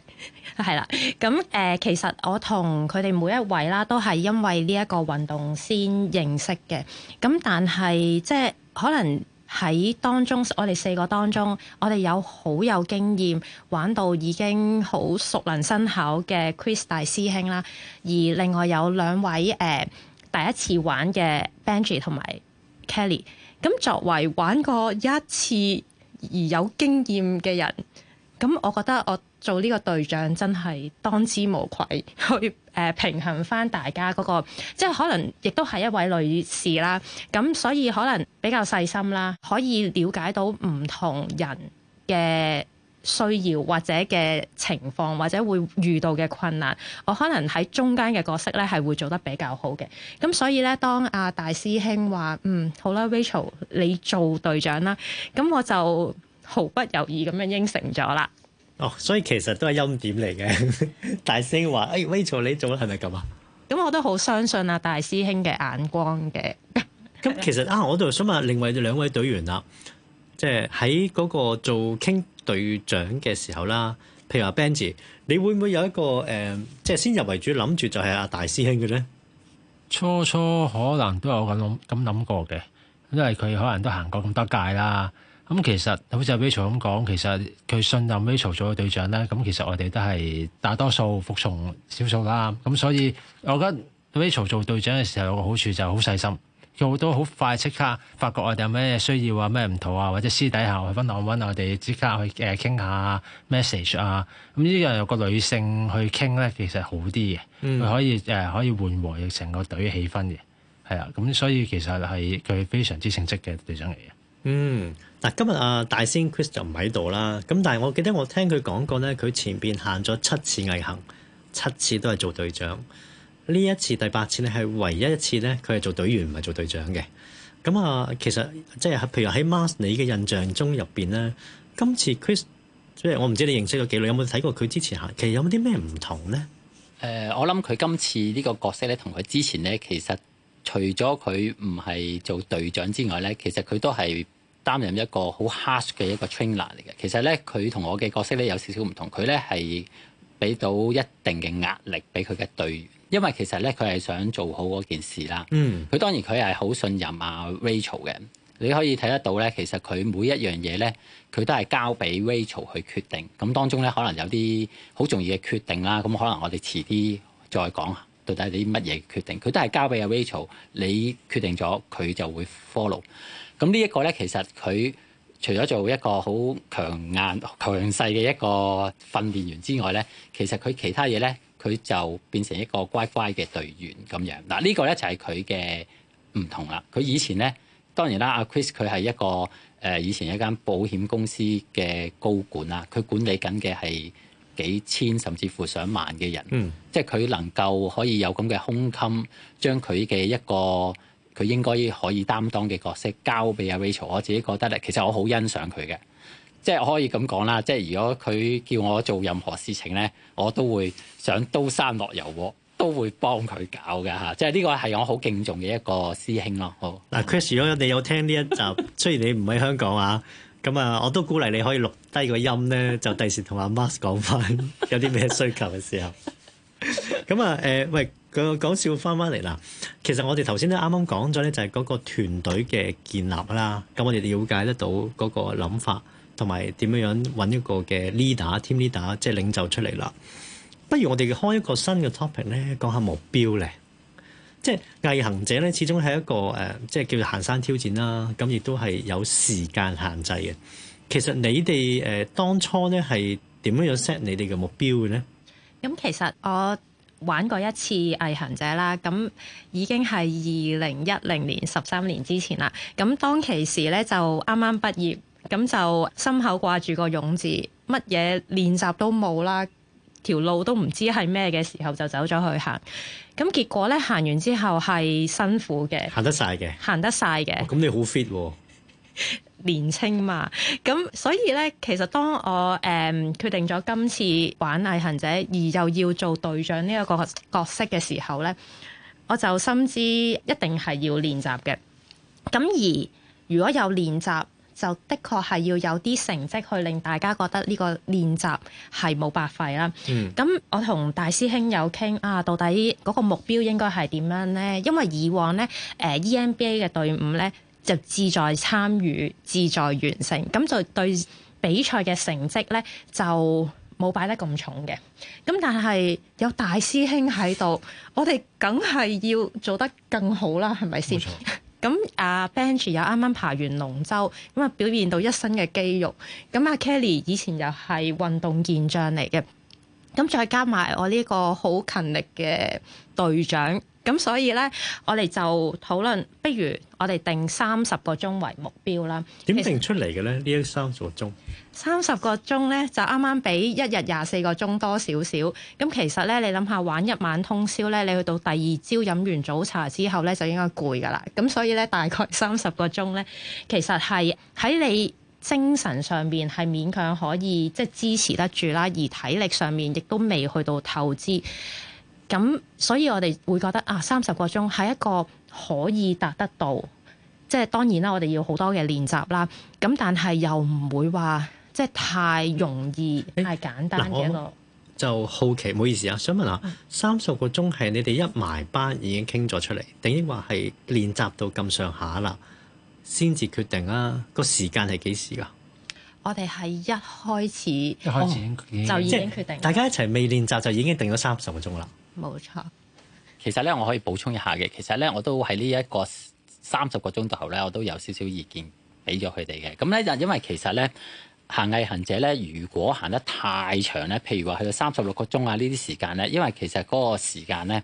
係 啦。咁誒、呃，其實我同佢哋每一位啦，都係因為呢一個運動先認識嘅。咁但係即係可能喺當中，我哋四個當中，我哋有好有經驗玩到已經好熟能生巧嘅 Chris 大師兄啦，而另外有兩位誒、呃、第一次玩嘅 Benji 同埋 Kelly。咁作為玩過一次。而有經驗嘅人，咁我覺得我做呢個隊長真係當之無愧，去誒平衡翻大家嗰個，即係可能亦都係一位女士啦，咁所以可能比較細心啦，可以了解到唔同人嘅需要或者嘅情況或者會遇到嘅困難，我可能喺中間嘅角色咧係會做得比較好嘅。咁所以咧，當阿大師兄話嗯好啦，Rachel 你做隊長啦，咁我就毫不猶豫咁樣應承咗啦。哦，所以其實都係陰點嚟嘅。 大師兄話誒、哎、Rachel 你做係咪咁啊？咁我都好相信阿大師兄嘅眼光嘅。咁其實啊，我度想問另外兩位隊員啦，即係喺嗰個做傾隊長嘅時候啦，譬如阿 Benji，你會唔會有一個誒、呃，即係先入為主，諗住就係阿大師兄嘅咧？初初可能都有咁諗，咁諗過嘅，因為佢可能都行過咁多屆啦。咁其實好似阿 Rachel 咁講，其實佢信任 Rachel 做嘅隊長咧。咁其實我哋都係大多數服從少數啦。咁所以我覺得 Rachel 做隊長嘅時候有個好處就好細心。有好多好快即刻發覺我哋有咩需要啊，咩唔妥啊，或者私底下去問兩問，我哋即刻去誒傾、呃、下 message 啊。咁呢樣有個女性去傾咧，其實好啲嘅，佢、嗯、可以誒、呃、可以緩和成個隊氣氛嘅，係啊。咁所以其實係佢非常之稱職嘅隊長嚟嘅。嗯，嗱今日阿、啊、大仙 Chris 就唔喺度啦。咁但係我記得我聽佢講過咧，佢前邊行咗七次毅行，七次都係做隊長。呢一次第八次咧，係唯一一次咧，佢係做隊員，唔係做隊長嘅。咁啊，其實即係譬如喺 m a r t 你嘅印象中入邊咧，今次 Chris 即係我唔知你認識咗幾耐，有冇睇過佢之前行，其實有冇啲咩唔同咧？誒、呃，我諗佢今次呢個角色咧，同佢之前咧，其實除咗佢唔係做隊長之外咧，其實佢都係擔任一個好 harsh 嘅一個 trainer 嚟嘅。其實咧，佢同我嘅角色咧有少少唔同，佢咧係俾到一定嘅壓力俾佢嘅隊員。因為其實咧，佢係想做好嗰件事啦。嗯，佢當然佢係好信任阿 Rachel 嘅。你可以睇得到咧，其實佢每一樣嘢咧，佢都係交俾 Rachel 去決定。咁當中咧，可能有啲好重要嘅決定啦。咁可能我哋遲啲再講到底係啲乜嘢決定。佢都係交俾阿 Rachel，你決定咗，佢就會 follow。咁呢一個咧，其實佢除咗做一個好強硬、強勢嘅一個訓練員之外咧，其實佢其他嘢咧。佢就變成一個乖乖嘅隊員咁樣嗱，這個、呢個咧就係佢嘅唔同啦。佢以前咧當然啦，阿 Chris 佢係一個誒、呃、以前一間保險公司嘅高管啦，佢管理緊嘅係幾千甚至乎上萬嘅人，嗯、即係佢能夠可以有咁嘅胸襟，將佢嘅一個佢應該可以擔當嘅角色交俾阿 Rachel。我自己覺得咧，其實我好欣賞佢嘅，即係可以咁講啦。即係如果佢叫我做任何事情咧，我都會。想刀山落油鑊，都會幫佢搞嘅嚇。即係呢個係我好敬重嘅一個師兄咯。好嗱 ，Chris 如果你有聽呢一集，雖然你唔喺香港啊，咁 啊，我都鼓勵你可以錄低個音咧，就第時同阿 Max 講翻有啲咩需求嘅時候。咁 啊，誒喂，個講笑翻翻嚟嗱，其實我哋頭先都啱啱講咗咧，就係嗰個團隊嘅建立啦。咁我哋了解得到嗰個諗法，同埋點樣樣揾一個嘅 leader team leader，即係領袖出嚟啦。不如我哋開一個新嘅 topic 咧，講下目標咧。即係毅行者咧，始終係一個誒、呃，即係叫做行山挑戰啦。咁亦都係有時間限制嘅。其實你哋誒、呃、當初咧係點樣 set 你哋嘅目標嘅咧？咁其實我玩過一次毅行者啦，咁已經係二零一零年、十三年之前啦。咁當其時咧就啱啱畢業，咁就心口掛住個勇字，乜嘢練習都冇啦。條路都唔知係咩嘅時候就走咗去行，咁結果咧行完之後係辛苦嘅，行得晒嘅，行得曬嘅。咁、哦、你好 fit 喎、哦， 年青嘛。咁所以咧，其實當我誒、um, 決定咗今次玩毅行者而又要做隊長呢一個角色嘅時候咧，我就深知一定係要練習嘅。咁而如果有練習，就的確係要有啲成績去令大家覺得呢個練習係冇白費啦。咁、嗯、我同大師兄有傾啊，到底嗰個目標應該係點樣咧？因為以往咧，誒、呃、EMBA 嘅隊伍咧就志在參與、志在完成，咁就對比賽嘅成績咧就冇擺得咁重嘅。咁但係有大師兄喺度，我哋梗係要做得更好啦，係咪先？咁阿 Benji 又啱啱爬完龍舟，咁啊表現到一身嘅肌肉。咁阿 Kelly 以前又係運動健將嚟嘅，咁再加埋我呢個好勤力嘅隊長，咁所以咧，我哋就討論，不如我哋定三十個鐘為目標啦。點定出嚟嘅咧？呢一三十個鐘？三十個鐘咧，就啱啱比一日廿四個鐘多少少。咁其實咧，你諗下玩一晚通宵咧，你去到第二朝飲完早茶之後咧，就應該攰噶啦。咁所以咧，大概三十個鐘咧，其實係喺你精神上面係勉強可以即係支持得住啦，而體力上面亦都未去到透支。咁所以，我哋會覺得啊，三十個鐘係一個可以達得到。即係當然啦，我哋要好多嘅練習啦。咁但係又唔會話。即係太容易、欸、太簡單嘅一個，就好奇。唔好意思啊，想問下三十個鐘係你哋一埋班已經傾咗出嚟，定話係練習到咁上下啦，先至決定啊？個、嗯、時間係幾時噶？我哋係一開始一開始已、哦、就已經決定，大家一齊未練習就已經定咗三十個鐘啦。冇錯。其實咧，我可以補充一下嘅，其實咧，我都喺呢一個三十個鐘頭後咧，我都有少少意見俾咗佢哋嘅。咁咧就因為其實咧。行毅行者咧，如果行得太長咧，譬如話去到三十六個鐘啊，呢啲時間咧，因為其實嗰個時間咧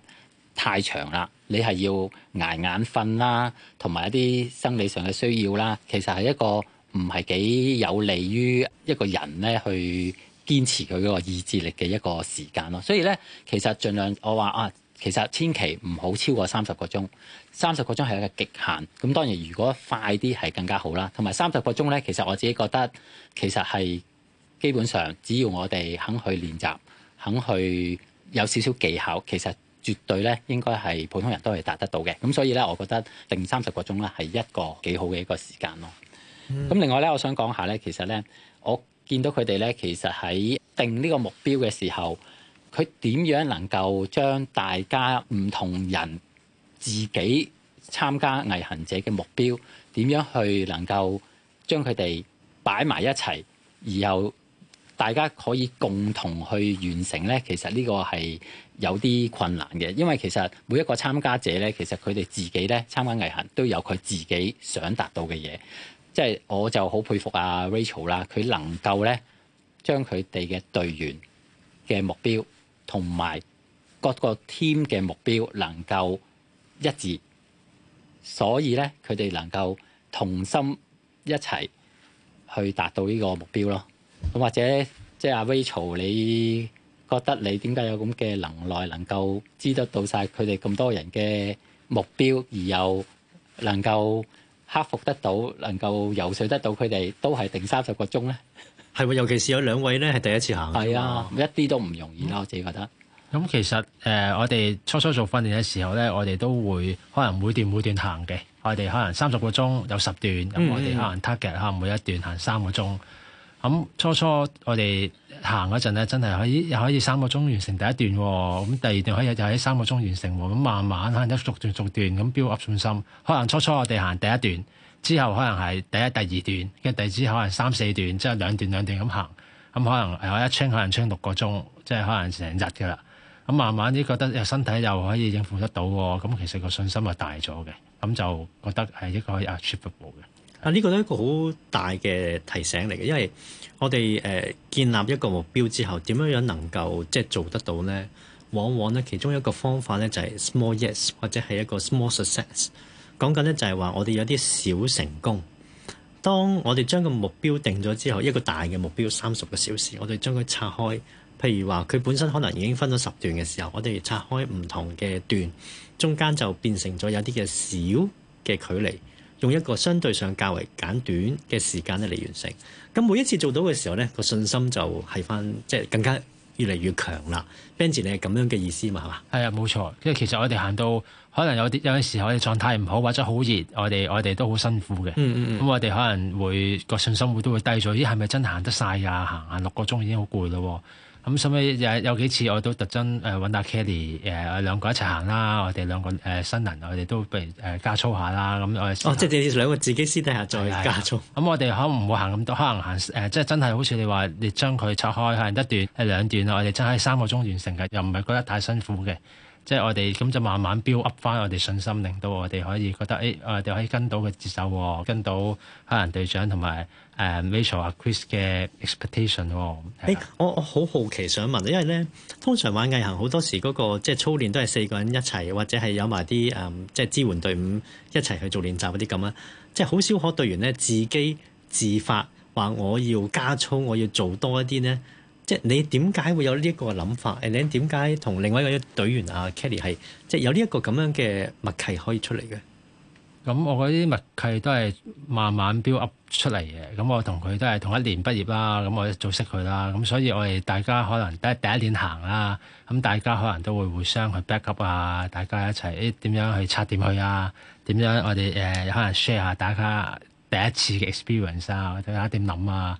太長啦，你係要捱眼瞓啦，同埋一啲生理上嘅需要啦，其實係一個唔係幾有利於一個人咧去堅持佢嗰個意志力嘅一個時間咯。所以咧，其實儘量我話啊。其實千祈唔好超過三十個鐘，三十個鐘係一個極限。咁當然，如果快啲係更加好啦。同埋三十個鐘咧，其實我自己覺得其實係基本上只要我哋肯去練習，肯去有少少技巧，其實絕對咧應該係普通人都係達得到嘅。咁所以咧，我覺得定三十個鐘咧係一個幾好嘅一個時間咯。咁、嗯、另外咧，我想講下咧，其實咧我見到佢哋咧，其實喺定呢個目標嘅時候。佢點樣能夠將大家唔同人自己參加毅行者嘅目標，點樣去能夠將佢哋擺埋一齊，然後大家可以共同去完成咧？其實呢個係有啲困難嘅，因為其實每一個參加者咧，其實佢哋自己咧參加毅行都有佢自己想達到嘅嘢。即係我就好佩服阿、啊、Rachel 啦，佢能夠咧將佢哋嘅隊員嘅目標。同埋各個 team 嘅目標能夠一致，所以咧佢哋能夠同心一齊去達到呢個目標咯。咁或者即係阿 Rachel，你覺得你點解有咁嘅能耐，能夠知得到晒佢哋咁多人嘅目標，而又能夠克服得到，能夠游說得到佢哋都係定三十個鐘咧？係尤其是有兩位咧，係第一次行。係啊，一啲都唔容易啦，我自己覺得。咁、嗯、其實誒、呃，我哋初初做訓練嘅時候咧，我哋都會可能每段每段行嘅。我哋可能三十個鐘有十段，咁我哋可能 target 可能每一段行三個鐘。咁、嗯嗯、初初我哋行嗰陣咧，真係可以可以三個鐘完成第一段。咁第二段可以又喺三個鐘完成。咁慢慢可能一逐段逐段咁 build up 信心。可能初初我哋行第一段。之後可能係第一、第二段，跟住第二支可能三四段，即係兩段兩段咁行，咁、嗯、可能我一圈可能圈六個鐘，即係可能成日嘅啦。咁、嗯、慢慢啲覺得身體又可以應付得到，咁、嗯、其實個信心係大咗嘅，咁、嗯、就覺得係一個可以 Achievable 嘅。啊，呢、這個都係一個好大嘅提醒嚟嘅，因為我哋誒、呃、建立一個目標之後，點樣樣能夠即係做得到咧？往往咧其中一個方法咧就係、是、Small Yes 或者係一個 Small Success。講緊咧就係話，我哋有啲小成功。當我哋將個目標定咗之後，一個大嘅目標三十個小時，我哋將佢拆開。譬如話，佢本身可能已經分咗十段嘅時候，我哋拆開唔同嘅段，中間就變成咗有啲嘅小嘅距離，用一個相對上較為簡短嘅時間咧嚟完成。咁每一次做到嘅時候，呢個信心就係返，即係更加越嚟越強啦。Benji，你係咁樣嘅意思嘛？係嘛？係啊，冇錯。因為其實我哋行到。可能有啲有陣時候我哋狀態唔好，或者好熱，我哋我哋都好辛苦嘅。咁、嗯嗯嗯、我哋可能會個信心會都會低咗。咦，係咪真行得晒呀？行行六個鐘已經好攰咯。咁所至有有幾次我都特登誒揾下 Kelly 誒、呃、兩個一齊行啦、嗯呃。我哋兩個誒新人，我哋都不如誒加操下啦。咁我哋即係你哋兩個自己私底下再加操。咁、嗯嗯、我哋可能唔會行咁多，可能行誒、呃、即係真係好似你話，你將佢拆開行一段誒兩段咯。我哋真係三個鐘完成嘅，又唔係覺得太辛苦嘅。即係我哋咁就慢慢 build up 翻我哋信心，令到我哋可以覺得誒、欸，我哋可以跟到嘅節奏，跟到黑人隊長同埋誒、呃、Michael 或 Chris 嘅 expectation。誒、欸，我我好好奇想問，因為咧通常玩毅行好多時嗰、那個即係操練都係四個人一齊，或者係有埋啲誒即係支援隊伍一齊去做練習嗰啲咁啊，即係好少可隊員呢自己自發話我要加操，我要做多一啲呢。」即係你點解會有呢一個諗法？誒，你點解同另外一個隊員啊 Kelly 係即係有呢一個咁樣嘅默契可以出嚟嘅？咁我覺得啲默契都係慢慢 build up 出嚟嘅。咁我同佢都係同一年畢業啦，咁我早識佢啦。咁所以我哋大家可能第一第一年行啦，咁大家可能都會互相去 back up 啊，大家一齊誒點樣去測點去啊？點樣我哋誒、呃、可能 share 下大家第一次嘅 experience 啊，大家點諗啊？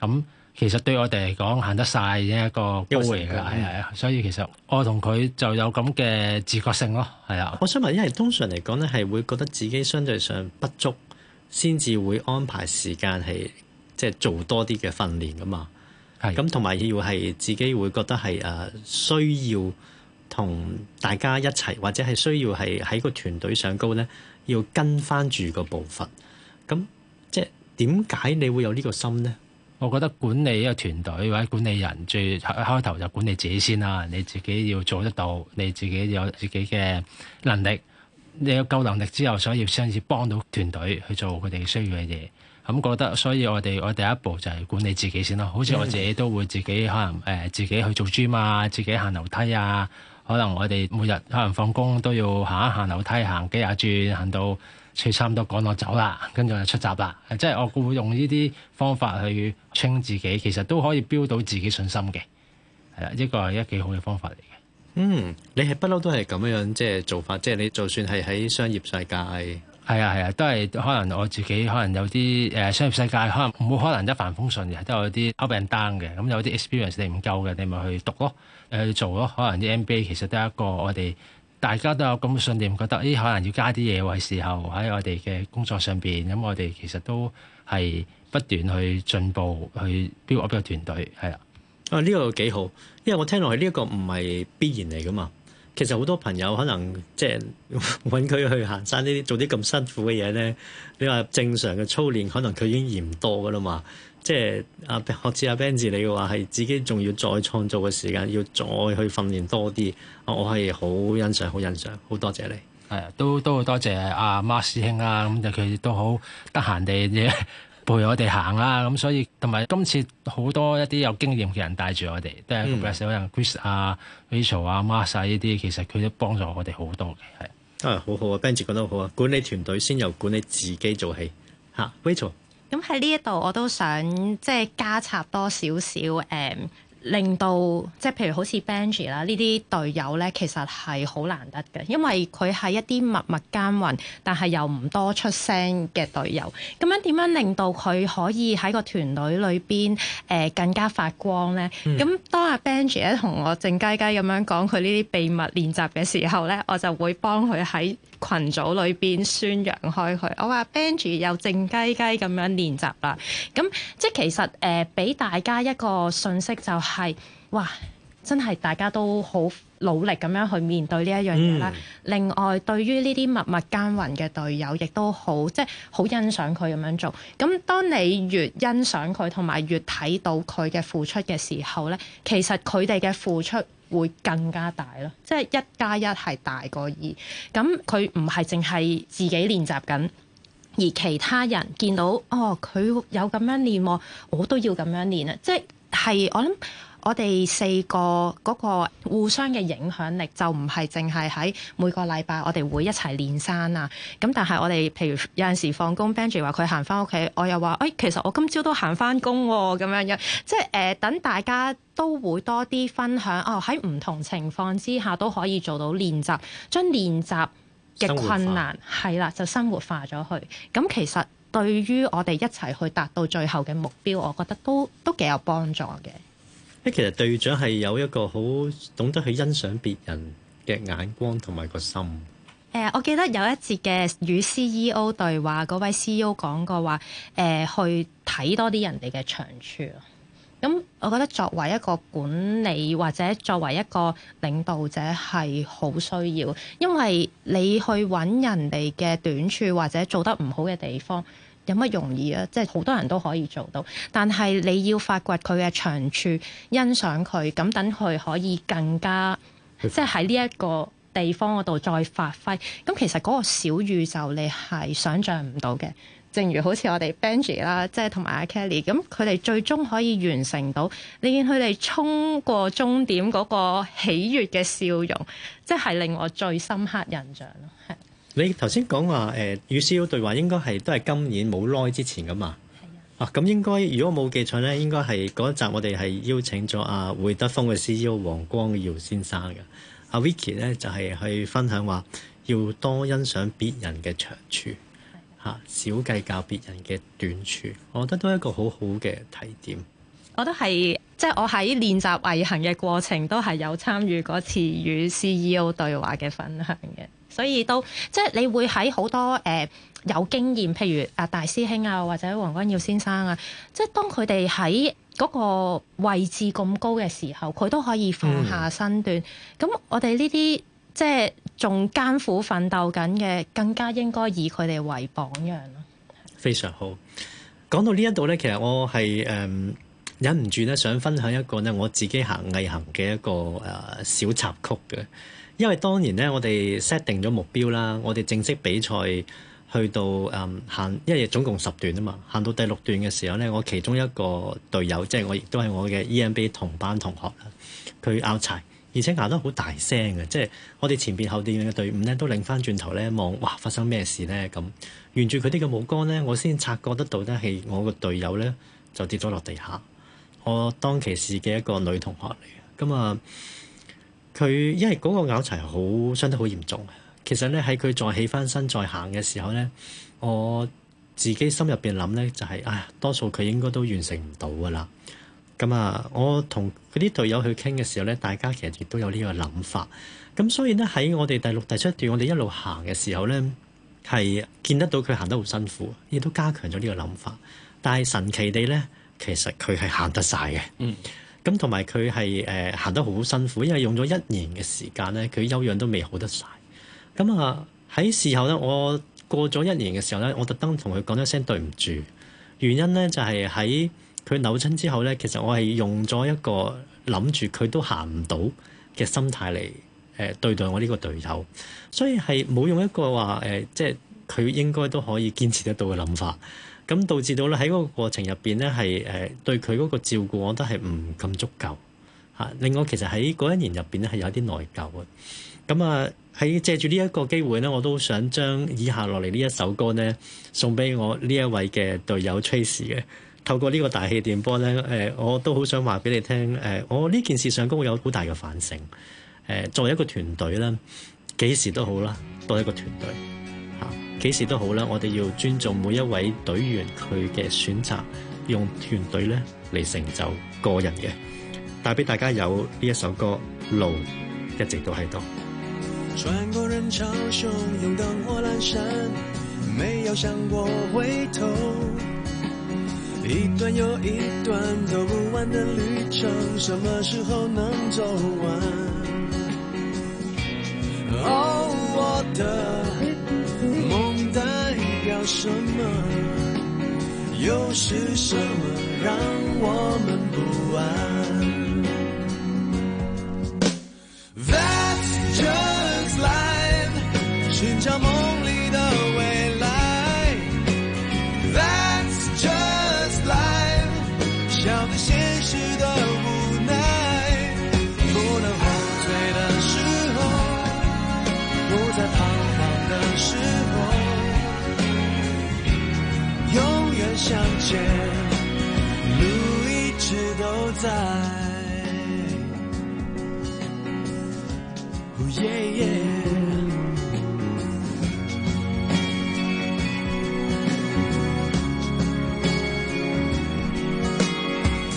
咁。其實對我哋嚟講，行得晒一個機會嚟噶係係啊，所以其實我同佢就有咁嘅自覺性咯，係啊。我想問，因為通常嚟講咧，係會覺得自己相對上不足，先至會安排時間係即係做多啲嘅訓練噶嘛。係咁的，同埋要係自己會覺得係誒需要同大家一齊，或者係需要係喺個團隊上高咧，要跟翻住個步伐。咁即係點解你會有呢個心咧？我覺得管理一個團隊或者管理人，最開開頭就管理自己先啦。你自己要做得到，你自己有自己嘅能力，你有夠能力之後，所以先至幫到團隊去做佢哋需要嘅嘢。咁覺得，所以我哋我第一步就係管理自己先咯。好似我自己都會自己可能誒、呃，自己去做 gym 啊，自己行樓梯啊。可能我哋每日可能放工都要行一行樓梯，行幾下轉，行到。所以差唔多趕我走啦，跟住我出閘啦，即係我會用呢啲方法去清自己，其實都可以標到自己信心嘅，係啦，呢個係一幾好嘅方法嚟嘅。嗯，你係不嬲都係咁樣即係做法，即係你就算係喺商業世界，係啊係啊，都係可能我自己可能有啲誒、呃、商業世界可能冇可能一帆風順嘅，都有啲 out 嘅，咁有啲 experience 你唔夠嘅，你咪去讀咯，誒、呃、做咯，可能啲 MBA 其實都係一個我哋。大家都有咁嘅信念，覺得誒可能要加啲嘢喎，時候喺我哋嘅工作上邊，咁我哋其實都係不斷去進步，去雕琢個團隊，係啊。啊，呢個幾好，因為我聽落去呢一個唔係必然嚟噶嘛。其實好多朋友可能即係揾佢去行山呢啲，做啲咁辛苦嘅嘢咧。你話正常嘅操練，可能佢已經嫌多噶啦嘛。即係阿學似阿 Benji 你嘅話，係自己仲要再創造嘅時間，要再去訓練多啲。我係好欣賞，好欣賞，好多謝你。係啊，都都好多謝阿 Mark 師兄啊，咁就佢都好得閒地嘅 陪我哋行啦。咁所以同埋今次好多一啲有經驗嘅人帶住我哋，都係嘅所有人，Chris 啊、Rachel 啊、Mark 啊呢啲，其實佢都幫助我哋好多嘅，係。啊，好好啊！Benji 覺得好啊，管理團隊先由管理自己做起。嚇、啊，Rachel。咁喺呢一度，我都想即係加插多少少誒。Uh 令到即係譬如好似 Benji 啦，呢啲隊友咧，其實係好難得嘅，因為佢係一啲默默耕耘，但係又唔多出聲嘅隊友。咁樣點樣令到佢可以喺個團隊裏邊誒更加發光咧？咁、嗯、當阿 Benji 咧同我靜雞雞咁樣講佢呢啲秘密練習嘅時候咧，我就會幫佢喺羣組裏邊宣揚開佢。我話 Benji 又靜雞雞咁樣練習啦。咁即係其實誒俾、呃、大家一個信息就係、是。係哇！真係大家都好努力咁樣去面對呢一樣嘢啦。嗯、另外，對於呢啲默默耕耘嘅隊友，亦都好即係好欣賞佢咁樣做。咁當你越欣賞佢，同埋越睇到佢嘅付出嘅時候咧，其實佢哋嘅付出會更加大咯。即係一加一係大過二。咁佢唔係淨係自己練習緊，而其他人見到哦，佢有咁樣練，我都要咁樣練啊！即係。係，我諗我哋四個嗰個互相嘅影響力就唔係淨係喺每個禮拜我哋會一齊練山啊。咁但係我哋譬如有陣時放工，Benji 話佢行翻屋企，我又話誒、欸、其實我今朝都行翻工咁樣樣，即係誒等大家都會多啲分享。哦，喺唔同情況之下都可以做到練習，將練習嘅困難係啦就生活化咗去。咁其實。對於我哋一齊去達到最後嘅目標，我覺得都都幾有幫助嘅。其實隊長係有一個好懂得去欣賞別人嘅眼光同埋個心。呃，我記得有一節嘅與 CEO 對話，嗰位 CEO 講過話，誒，呃，去睇多啲人哋嘅長處。咁我覺得作為一個管理或者作為一個領導者係好需要，因為你去揾人哋嘅短處或者做得唔好嘅地方。有乜容易啊？即係好多人都可以做到，但係你要發掘佢嘅長處欣賞佢，咁等佢可以更加 即係喺呢一個地方嗰度再發揮，咁其實嗰個小宇宙你係想象唔到嘅。正如好似我哋 Benji 啦，即係同埋阿 Kelly，咁佢哋最終可以完成到，你見佢哋衝過終點嗰個喜悅嘅笑容，即係令我最深刻印象咯。你頭先講話，誒，與 CEO 對話應該係，都係今年冇耐之前噶嘛？係啊！咁應該如果冇記錯咧，應該係嗰一集我哋係邀請咗啊會德豐嘅 CEO 黃光耀先生嘅。阿、啊、Vicky 咧就係、係、去分享話要多欣賞別人嘅長處，嚇少計較別人嘅短處。我覺得都係一個好好嘅提點。我覺得係，即係我喺練習毅行嘅過程都係有參與嗰次與 CEO 對話嘅分享嘅。所以都即係你會喺好多誒、呃、有經驗，譬如啊大師兄啊或者黃君耀先生啊，即係當佢哋喺嗰個位置咁高嘅時候，佢都可以放下身段。咁、嗯、我哋呢啲即係仲艱苦奮鬥緊嘅，更加應該以佢哋為榜樣咯。非常好。講到呢一度咧，其實我係誒、嗯、忍唔住咧，想分享一個呢我自己行毅行嘅一個誒小插曲嘅。因為當然咧，我哋 set 定咗目標啦。我哋正式比賽去到誒行一日總共十段啊嘛，行到第六段嘅時候咧，我其中一個隊友，即係我亦都係我嘅 EMBA 同班同學，佢拗柴，而且拗得好大聲嘅，即係我哋前邊後邊嘅隊伍咧都擰翻轉頭咧望，哇！發生咩事咧？咁沿住佢哋嘅目光咧，我先察覺得到咧係我個隊友咧就跌咗落地下。我當其時嘅一個女同學嚟嘅，咁啊～佢因為嗰個拗柴好傷得好嚴重，其實咧喺佢再起返身再行嘅時候咧，我自己心入邊諗咧就係、是、啊，多數佢應該都完成唔到㗎喇。咁啊，我同佢啲隊友去傾嘅時候咧，大家其實亦都有呢個諗法。咁所以咧喺我哋第六、第七段，我哋一路行嘅時候咧，係見得到佢行得好辛苦，亦都加強咗呢個諗法。但係神奇地咧，其實佢係行得晒嘅。嗯。咁同埋佢係誒行得好辛苦，因為用咗一年嘅時間咧，佢休養都未好得晒。咁啊喺事後咧，我過咗一年嘅時候咧，我特登同佢講一聲對唔住。原因咧就係喺佢扭親之後咧，其實我係用咗一個諗住佢都行唔到嘅心態嚟誒、呃、對待我呢個隊友，所以係冇用一個話誒、呃，即係佢應該都可以堅持得到嘅諗法。咁導致到咧喺嗰個過程入邊咧係誒對佢嗰個照顧，我都係唔咁足夠嚇。另外其實喺嗰一年入邊咧係有啲內疚嘅、啊。咁啊喺借住呢一個機會咧，我都想將以下落嚟呢一首歌咧送俾我呢一位嘅隊友崔 r 嘅。透過呢個大氣電波咧，誒我都好想話俾你聽，誒我呢件事上都會有好大嘅反省。誒作為一個團隊咧，幾時都好啦，多一個團隊。幾時都好啦，我哋要尊重每一位隊員佢嘅選擇，用團隊呢嚟成就個人嘅。帶俾大家有呢一首歌《路》，一直都喺度。穿過人潮什麼又是什麼，讓我們不安？That's just life。尋找夢。路一直都在、oh。Yeah yeah、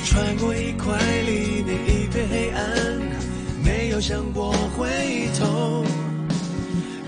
穿過一塊黎明，一片黑暗，沒有想過回頭。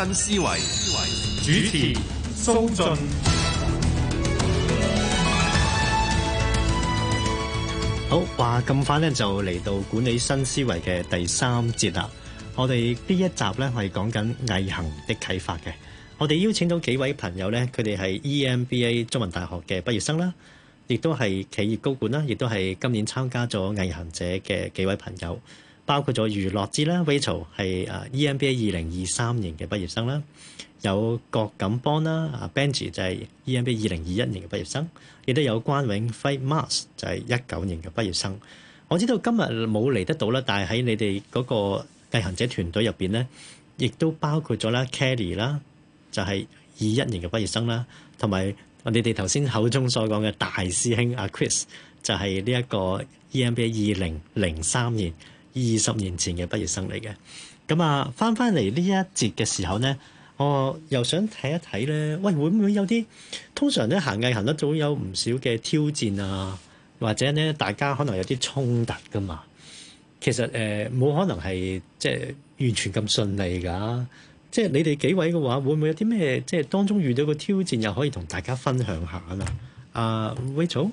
新思維主持蘇雋。好，話咁快咧就嚟到管理新思維嘅第三節啦。我哋呢一集咧係講緊毅行的啟發嘅。我哋邀請到幾位朋友咧，佢哋係 EMBA 中文大學嘅畢業生啦，亦都係企業高管啦，亦都係今年參加咗毅行者嘅幾位朋友。包括咗余樂之啦，Rachel 係啊 EMBA 二零二三年嘅畢業生啦。有郭錦邦啦，啊 Benji 就係 EMBA 二零二一年嘅畢業生，亦都有關永輝，Mark 就係一九年嘅畢業生。我知道今日冇嚟得到啦，但係喺你哋嗰個毅行者團隊入邊咧，亦都包括咗啦，Kelly 啦就係二一年嘅畢業生啦，同埋你哋頭先口中所講嘅大師兄阿 Chris 就係呢一個 EMBA 二零零三年。二十年前嘅畢業生嚟嘅，咁啊翻翻嚟呢一節嘅時候咧，我又想睇一睇咧，喂，會唔會有啲通常咧行毅行得總有唔少嘅挑戰啊，或者咧大家可能有啲衝突噶嘛。其實誒冇、呃、可能係即係完全咁順利㗎、啊，即係你哋幾位嘅話，會唔會有啲咩即係當中遇到個挑戰，又可以同大家分享下啊？阿威祖。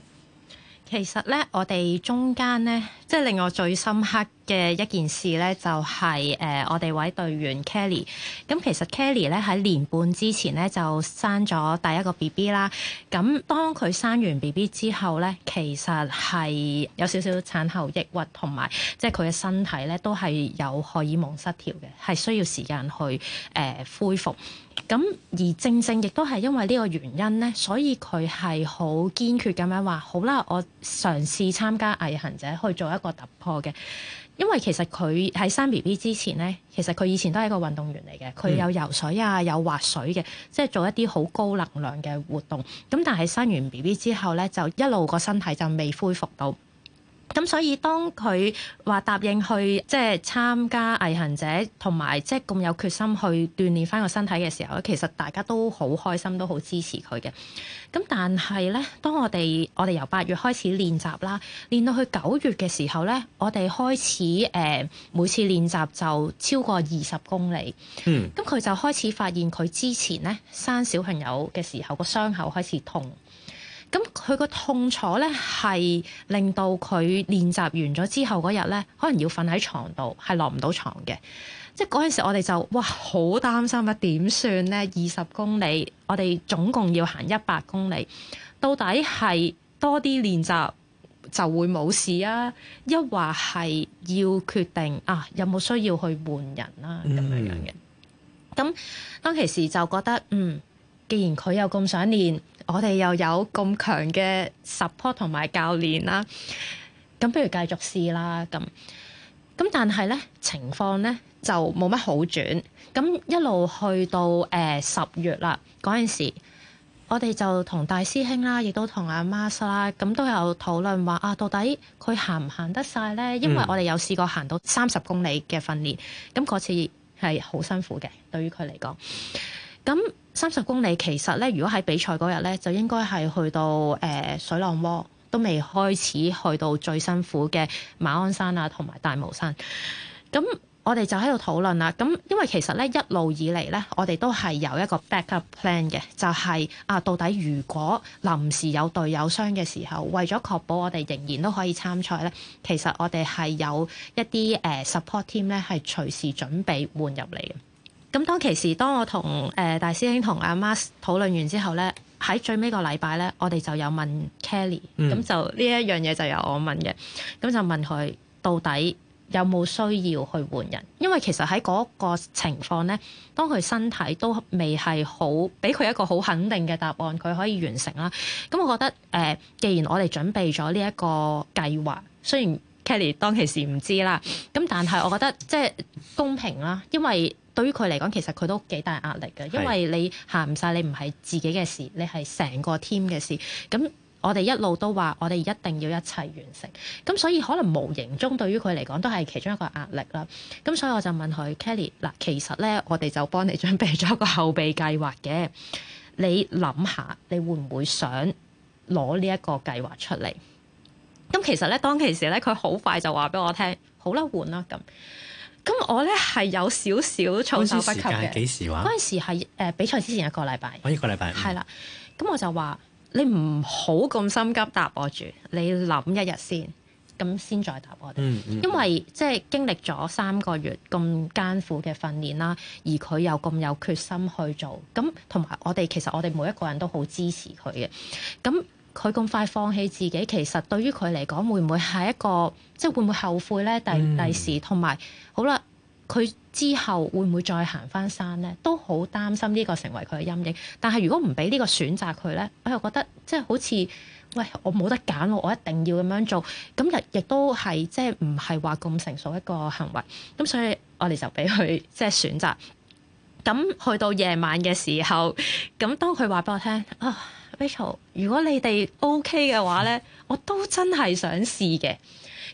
其實咧，我哋中間咧，即係令我最深刻嘅一件事咧，就係、是、誒、呃、我哋位隊員 Kelly。咁其實 Kelly 咧喺年半之前咧就生咗第一個 BB 啦。咁當佢生完 BB 之後咧，其實係有少少產後抑鬱同埋，即係佢嘅身體咧都係有荷爾蒙失調嘅，係需要時間去誒、呃、恢復。咁而正正亦都係因為呢個原因咧，所以佢係好堅決咁樣話：好啦，我嘗試參加毅行者去做一個突破嘅。因為其實佢喺生 BB 之前咧，其實佢以前都係一個運動員嚟嘅，佢有游水啊，有滑水嘅，即係做一啲好高能量嘅活動。咁但係生完 BB 之後咧，就一路個身體就未恢復到。咁所以當佢話答應去即係參加毅行者，同埋即係咁有決心去鍛鍊返個身體嘅時候咧，其實大家都好開心，都好支持佢嘅。咁但係咧，當我哋我哋由八月開始練習啦，練到去九月嘅時候咧，我哋開始誒每次練習就超過二十公里。嗯，咁佢就開始發現佢之前咧，生小朋友嘅時候，個傷口開始痛。咁佢個痛楚咧，係令到佢練習完咗之後嗰日咧，可能要瞓喺床度，係落唔到床嘅。即係嗰陣時我，我哋就哇好擔心啊！點算咧？二十公里，我哋總共要行一百公里，到底係多啲練習就會冇事啊？抑或係要決定啊，有冇需要去換人啊，咁樣樣嘅。咁當其時就覺得，嗯，既然佢又咁想練。我哋又有咁強嘅 support 同埋教練啦，咁不如繼續試啦。咁咁但係咧，情況咧就冇乜好轉。咁一路去到誒十月啦嗰陣時，我哋就同大師兄啦，亦都同阿 Mars 啦，咁都有討論話啊，到底佢行唔行得晒咧？因為我哋有試過行到三十公里嘅訓練，咁嗰次係好辛苦嘅，對於佢嚟講。咁三十公里其實咧，如果喺比賽嗰日咧，就應該係去到誒、呃、水浪窩都未開始，去到最辛苦嘅馬鞍山啊，同埋大帽山。咁我哋就喺度討論啦。咁因為其實咧一路以嚟咧，我哋都係有一個 back up plan 嘅，就係、係、啊到底如果臨時有隊友傷嘅時候，為咗確保我哋仍然都可以參賽咧，其實我哋係有一啲誒 support team 咧，係隨時準備換入嚟嘅。咁當其時，當我同誒大師兄同阿 Mas 討論完之後咧，喺最尾個禮拜咧，我哋就有問 Kelly，咁、嗯、就呢一樣嘢就由我問嘅，咁就問佢到底有冇需要去換人？因為其實喺嗰個情況咧，當佢身體都未係好，俾佢一個好肯定嘅答案，佢可以完成啦。咁我覺得誒、呃，既然我哋準備咗呢一個計劃，雖然 Kelly 當其時唔知啦，咁但係我覺得即係公平啦，因為。對於佢嚟講，其實佢都幾大壓力嘅，因為你行唔曬，你唔係自己嘅事，你係成個 team 嘅事。咁我哋一路都話，我哋一定要一齊完成。咁所以可能無形中對於佢嚟講都係其中一個壓力啦。咁所以我就問佢 Kelly 嗱，其實咧我哋就幫你準備咗一個後備計劃嘅。你諗下，你會唔會想攞呢一個計劃出嚟？咁其實咧，當其時咧，佢好快就話俾我聽：好啦，換啦咁。咁我咧係有少少措手不及嘅。嗰陣時時間係幾時話？嗰陣時係比賽之前一個禮拜。一個禮拜。係、嗯、啦，咁我就話，你唔好咁心急答我住，你諗一日先，咁先再答我哋。嗯嗯。因為即係經歷咗三個月咁艱苦嘅訓練啦，而佢又咁有決心去做，咁同埋我哋，其實我哋每一個人都好支持佢嘅。咁。佢咁快放棄自己，其實對於佢嚟講，會唔會係一個即係會唔會後悔咧？第第時同埋好啦，佢之後會唔會再行返山咧？都好擔心呢個成為佢嘅陰影。但係如果唔俾呢個選擇佢咧，我又覺得即係好似喂，我冇得揀，我一定要咁樣做。咁亦亦都係即係唔係話咁成熟一個行為。咁所以我哋就俾佢即係選擇。咁去到夜晚嘅時候，咁當佢話俾我聽啊，Rachel，如果你哋 OK 嘅話咧，我都真係想試嘅。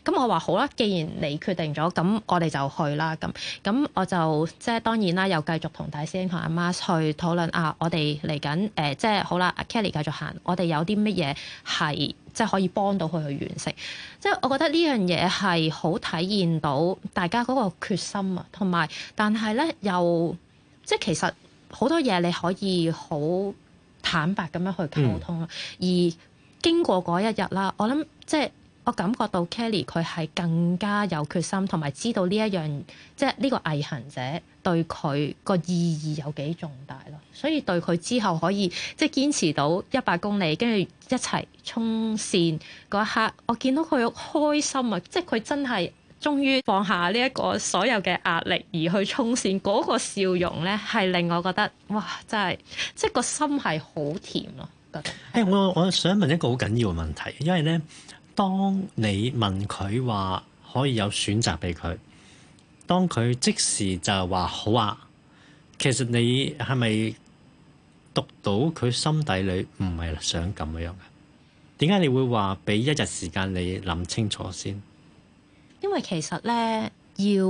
咁我話好啦，既然你決定咗，咁我哋就去啦。咁咁我就即係當然啦，又繼續同大師兄同阿媽去討論啊。我哋嚟緊，誒、呃，即係好啦。Kelly 繼續行，我哋有啲乜嘢係即係可以幫到佢去完成？即係我覺得呢樣嘢係好體現到大家嗰個決心啊，同埋但係咧又即係其實好多嘢你可以好。坦白咁樣去溝通咯，嗯、而經過嗰一日啦，我諗即係我感覺到 Kelly 佢係更加有決心，同埋知道呢一樣即係呢個毅行者對佢個意義有幾重大咯，所以對佢之後可以即係堅持到一百公里，跟住一齊衝線嗰一刻，我見到佢好開心啊！即係佢真係。終於放下呢一個所有嘅壓力而去衝線，嗰個笑容呢係令我覺得哇！真係即係個心係好甜咯，覺得。誒，我我想問一個好緊要嘅問題，因為呢，當你問佢話可以有選擇俾佢，當佢即時就話好啊，其實你係咪讀到佢心底裏唔係想咁樣樣啊？點解你會話俾一日時間你諗清楚先？因為其實咧，要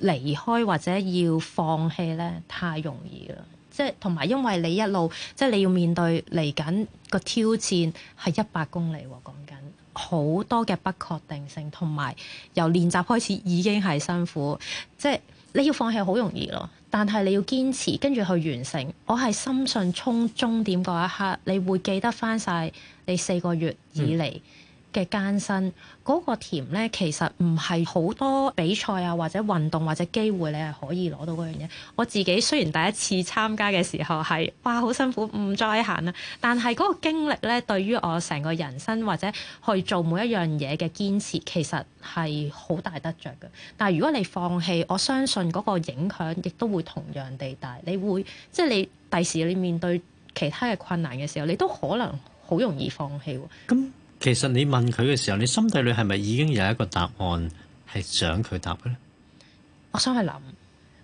離開或者要放棄咧，太容易啦。即係同埋，因為你一路即係你要面對嚟緊個挑戰係一百公里喎，講緊好多嘅不確定性，同埋由練習開始已經係辛苦。即係你要放棄好容易咯，但係你要堅持跟住去完成。我係深信，衝終點嗰一刻，你會記得翻晒你四個月以嚟。嗯嘅艱辛嗰個甜咧，其實唔係好多比賽啊，或者運動或者機會你係可以攞到嗰樣嘢。我自己雖然第一次參加嘅時候係哇好辛苦唔再行啦，但係嗰個經歷咧，對於我成個人生或者去做每一樣嘢嘅堅持，其實，係好大得着嘅。但係如果你放棄，我相信嗰個影響亦都會同樣地大。你會即係你第時你面對其他嘅困難嘅時候，你都可能好容易放棄。咁其實你問佢嘅時候，你心底裏係咪已經有一個答案答，係想佢答嘅咧？我想去諗，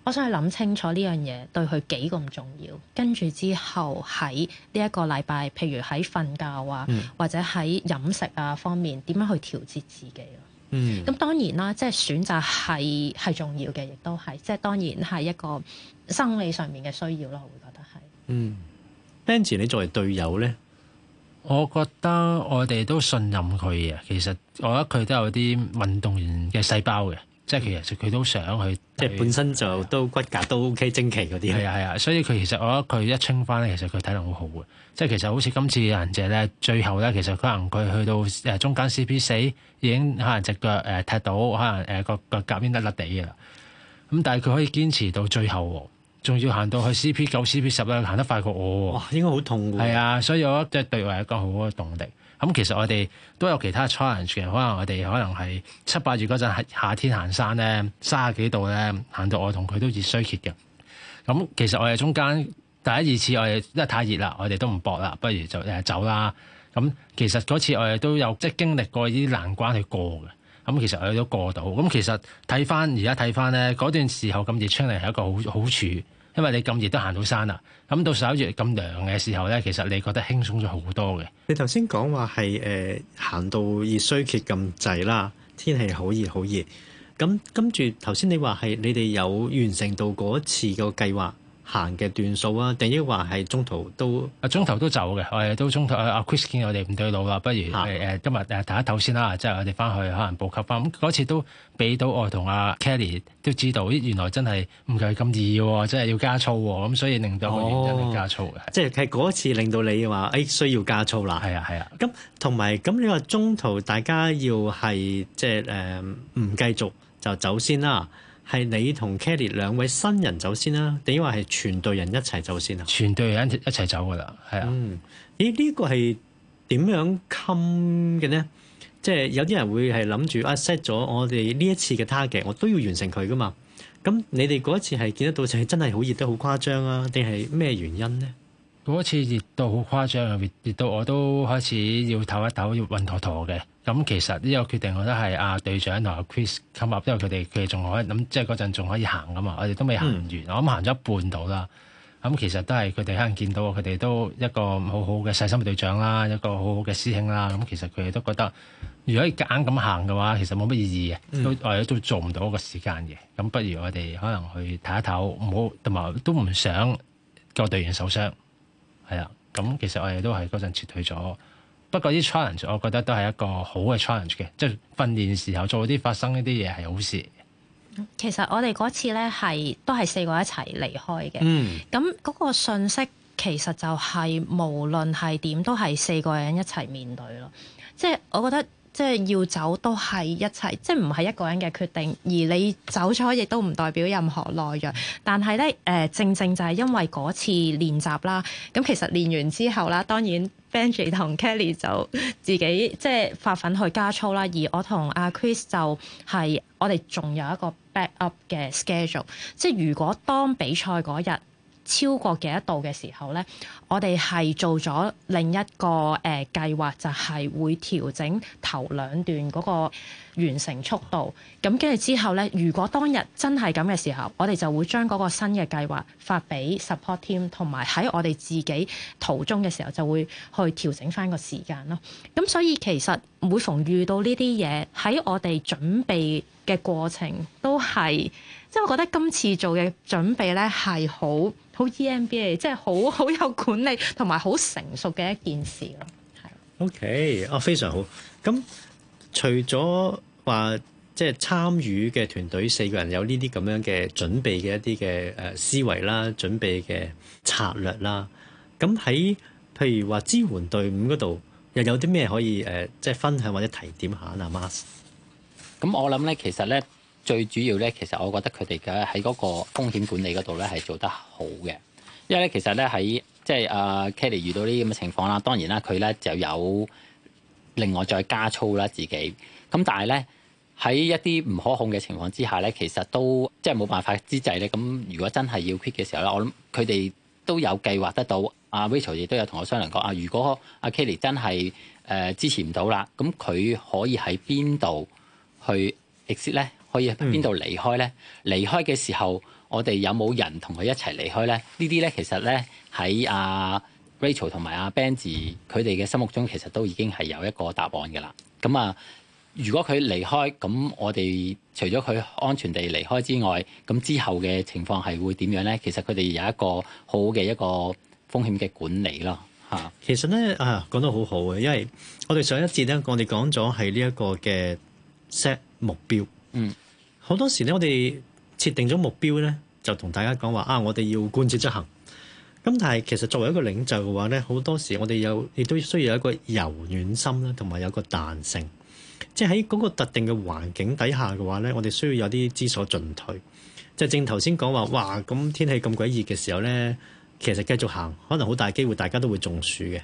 我想去諗清楚呢樣嘢，對佢幾咁重要。跟住之後喺呢一個禮拜，譬如喺瞓覺啊，嗯、或者喺飲食啊方面，點樣去調節自己咯？嗯，咁當然啦，即係選擇係係重要嘅，亦都係即係當然係一個生理上面嘅需要咯，我會覺得係。嗯，Benji，你作為隊友咧？我覺得我哋都信任佢嘅，其實我覺得佢都有啲運動員嘅細胞嘅，即係其實佢都想去，即係本身就都、啊、骨骼都 O K、精奇嗰啲。係啊係啊，所以佢其實我覺得佢一稱翻咧，其實佢體能好好嘅。即係其實好似今次人仔咧，最後咧其實可能佢去到誒中間 C P 四已經可能隻腳誒踢到可能誒個、呃、腳夾邊甩甩地嘅啦。咁但係佢可以堅持到最後仲要行到去 CP 九、CP 十咧，行得快過我。哇！應該好痛㗎。係啊，所以我即係對我係一個好好嘅動力。咁其實我哋都有其他 challenge 嘅，可能我哋可能係七八月嗰陣夏天行山咧，三十幾度咧，行到我同佢都熱衰竭嘅。咁其實我哋中間第一二次我哋因為太熱啦，我哋都唔搏啦，不如就誒走啦。咁其實嗰次我哋都有即係、就是、經歷過啲難關去過嘅。咁其實有咗過度，咁其實睇翻而家睇翻咧，嗰段時候咁熱出嚟係一個好好處，因為你咁熱都行到山啦。咁到十一月咁涼嘅時候咧，其實你覺得輕鬆咗好多嘅。你頭先講話係誒行到熱衰竭咁滯啦，天氣好熱好熱。咁跟住頭先你話係你哋有完成到嗰次個計劃。行嘅段數啊，定抑或係中途都，啊中途都走嘅？我哋都中途阿、啊、Chris 見我哋唔對路啦，不如誒、啊呃、今日誒唞一唞先啦，即係我哋翻去可能補給翻。嗰次都俾到我同阿 Kelly 都知道，原來真係唔係咁易喎，真係要加操喎，咁、嗯、所以令到我原因係加操嘅。哦、是即係係嗰次令到你話誒、哎、需要加操啦。係啊係啊，咁同埋咁你話中途大家要係即係誒唔繼續就先走先啦。係你同 Kelly 兩位新人走先啦、啊，定話係全隊人一齊走先啊？全隊人一齊走噶啦，係啊。嗯，咦？這個、呢個係點樣襟嘅咧？即係有啲人會係諗住啊 set 咗我哋呢一次嘅 target 我都要完成佢噶嘛。咁你哋嗰一次係見得到就係真係好熱得好誇張啊？定係咩原因咧？嗰一次熱到好誇張，熱熱到我都開始要唞一唞，要暈陀陀嘅。咁其實呢個決定我都係阿、啊、隊長同阿 Chris come up，因為佢哋佢哋仲可以咁，即係嗰陣仲可以行噶嘛。我哋都未行完，嗯、我諗行咗一半度啦。咁、嗯、其實都係佢哋可能見到，佢哋都一個好好嘅細心嘅隊長啦，一個好好嘅師兄啦。咁、嗯、其實佢哋都覺得，如果夾硬咁行嘅話，其實冇乜意義嘅，嗯、都我哋都做唔到嗰個時間嘅。咁不如我哋可能去睇一睇，唔好同埋都唔想個隊員受傷。係啊，咁其實我哋都係嗰陣撤退咗。不過啲 challenge，我覺得都係一個好嘅 challenge 嘅，即係訓練時候做啲發生呢啲嘢係好事。其實我哋嗰次咧係都係四個一齊離開嘅。嗯，咁嗰個信息其實就係無論係點都係四個人一齊面對咯。即係我覺得。即係要走都係一齊，即係唔係一個人嘅決定。而你走咗亦都唔代表任何內容。但係咧，誒、呃、正正就係因為嗰次練習啦，咁其實練完之後啦，當然 Benji 同 Kelly 就自己即係發奮去加操啦。而我同阿、啊、Chris 就係我哋仲有一個 backup 嘅 schedule，即係如果當比賽嗰日。超過幾多度嘅時候咧，我哋係做咗另一個誒、呃、計劃，就係會調整頭兩段嗰個完成速度。咁跟住之後咧，如果當日真係咁嘅時候，我哋就會將嗰個新嘅計劃發俾 support team，同埋喺我哋自己途中嘅時候就會去調整翻個時間咯。咁所以其實每逢遇到呢啲嘢，喺我哋準備嘅過程都係即係我覺得今次做嘅準備咧係好。好 EMBA，即係好好有管理同埋好成熟嘅一件事咯。係。OK，哦，非常好。咁除咗話即係參與嘅團隊四個人有呢啲咁樣嘅準備嘅一啲嘅誒思維啦、準備嘅策略啦，咁喺譬如話支援隊伍嗰度又有啲咩可以誒、呃、即係分享或者提點下阿 Mas？咁我諗咧，其實咧。最主要咧，其實我覺得佢哋嘅喺嗰個風險管理嗰度咧係做得好嘅，因為咧其實咧喺即係阿 Kelly 遇到呢啲咁嘅情況啦，當然啦佢咧就有另外再加粗啦自己，咁但係咧喺一啲唔可控嘅情況之下咧，其實都即係冇辦法之際咧，咁如果真係要 quit 嘅時候咧，我諗佢哋都有計劃得到。阿、uh, Rachel 亦都有同我商量過啊，如果阿、uh, Kelly 真係誒、呃、支持唔到啦，咁佢可以喺邊度去 exit 咧？可以邊度離開咧？離開嘅時候，我哋有冇人同佢一齊離開咧？呢啲咧其實咧喺阿 Rachel 同埋阿 Benji 佢哋嘅心目中，其實都已經係有一個答案㗎啦。咁啊，如果佢離開，咁我哋除咗佢安全地離開之外，咁之後嘅情況係會點樣咧？其實佢哋有一個好嘅一個風險嘅管理咯。嚇，其實咧啊，講得好好啊，因為我哋上一節咧，我哋講咗係呢一個嘅 set 目標，嗯。好多時咧，我哋設定咗目標咧，就同大家講話啊，我哋要貫徹執行。咁但係其實作為一個領袖嘅話咧，好多時我哋有亦都需要有一個柔軟心啦，同埋有一個彈性。即喺嗰個特定嘅環境底下嘅話咧，我哋需要有啲知所進退。就正頭先講話，哇！咁天氣咁鬼熱嘅時候咧，其實繼續行，可能好大機會大家都會中暑嘅。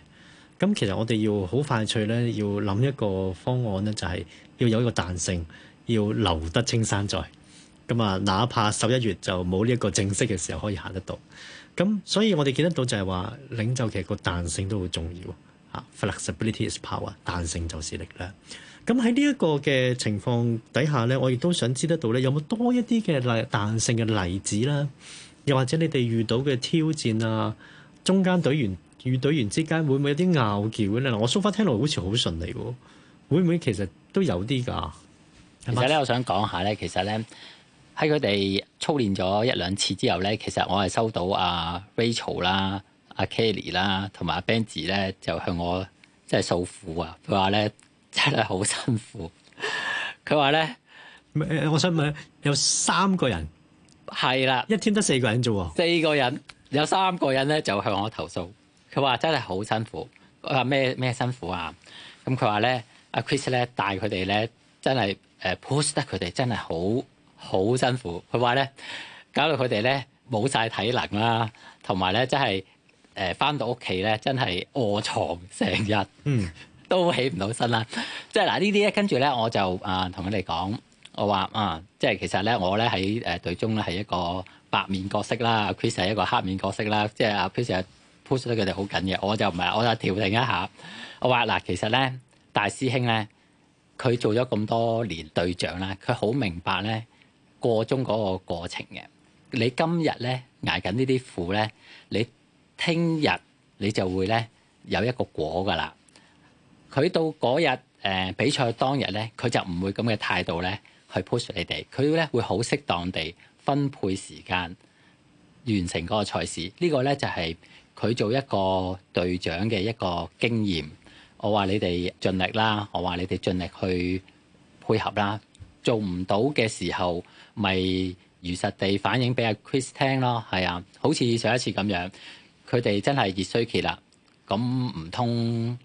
咁其實我哋要好快脆咧，要諗一個方案咧，就係要有一個彈性。要留得青山在，咁啊，哪怕十一月就冇呢一個正式嘅時候可以行得到。咁，所以我哋見得到就係話，領袖其實個彈性都好重要嚇。啊、Flexibility is power，彈性就是力量。咁喺呢一個嘅情況底下咧，我亦都想知得到咧，有冇多一啲嘅例彈性嘅例子啦？又或者你哋遇到嘅挑戰啊，中間隊員與隊員之間會唔會有啲拗撬咧？我收、so、far 聽落好似好順利喎、啊，會唔會其實都有啲㗎？其實咧，我想講下咧，其實咧喺佢哋操練咗一兩次之後咧，其實我係收到阿 Rachel 啦、阿 Kelly 啦同埋阿 Benji 咧，就向我即係訴苦啊。佢話咧真係好辛苦。佢話咧，咩、呃？我想問有三個人係啦，的一天得四個人啫喎。四個人有三個人咧就向我投訴，佢話真係好辛苦。我話咩咩辛苦啊？咁佢話咧，阿 Chris 咧帶佢哋咧。真係誒 push 得佢哋真係好好辛苦，佢話咧搞到佢哋咧冇晒體能啦，同埋咧真係誒翻到屋企咧真係臥床成日，嗯、都起唔到身啦。即係嗱呢啲咧，跟住咧我就啊同佢哋講，我話啊、嗯、即係其實咧我咧喺誒隊中咧係一個白面角色啦、啊、，Chris 係一個黑面角色啦，即係阿、啊、Chris push 得佢哋好緊嘅，我就唔係我就調停一下，我話嗱、呃、其實咧大師兄咧。佢做咗咁多年隊長啦，佢好明白咧過中嗰個過程嘅。你今日咧挨緊呢啲苦咧，你聽日你就會咧有一個果噶啦。佢到嗰日誒比賽當日咧，佢就唔會咁嘅態度咧去 push 你哋。佢咧會好適當地分配時間完成嗰個賽事。這個、呢個咧就係、是、佢做一個隊長嘅一個經驗。我話你哋盡力啦，我話你哋盡力去配合啦。做唔到嘅時候，咪如實地反映俾阿 Chris 聽咯。係啊，好似上一次咁樣，佢哋真係熱衰竭啦。咁唔通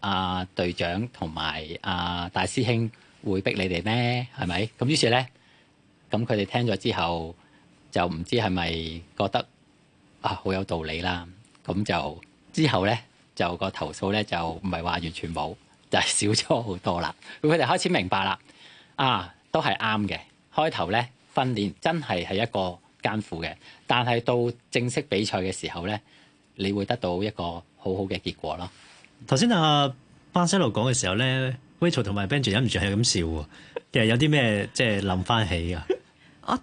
阿隊長同埋阿大師兄會逼你哋咩？係咪？咁於是咧，咁佢哋聽咗之後，就唔知係咪覺得啊好有道理啦。咁就之後咧。就個投訴咧，就唔係話完全冇，就係少咗好多啦。咁佢哋開始明白啦，啊，都係啱嘅。開頭咧，訓練真係係一個艱苦嘅，但係到正式比賽嘅時候咧，你會得到一個好好嘅結果咯。頭先阿巴西路講嘅時候咧，Rachel 同埋 Benji 忍唔住係咁笑喎，其實有啲咩即係諗翻起啊？ 我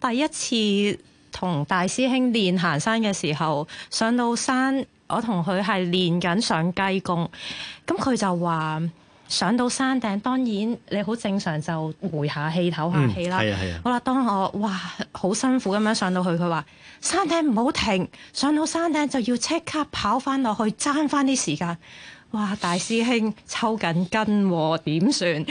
第一次同大師兄練行山嘅時候，上到山。我同佢係練緊上雞公，咁佢就話上到山頂，當然你好正常就回下氣唞下氣啦。係啊係啊。啊好啦，當我哇好辛苦咁樣上到去，佢話山頂唔好停，上到山頂就要即刻跑翻落去爭翻啲時間。哇，大師兄抽緊筋，啊，點算？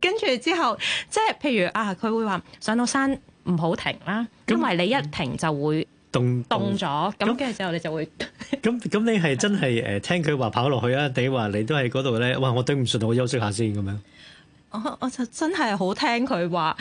跟 住之後，即係譬如啊，佢會話上到山唔好停啦，因為你一停就會。凍凍咗，咁跟住之後你就會咁咁，你係真係誒聽佢話跑落去啊？你話 你都係嗰度咧？哇！我頂唔順，我休息下先咁樣。我我就真係好聽佢話，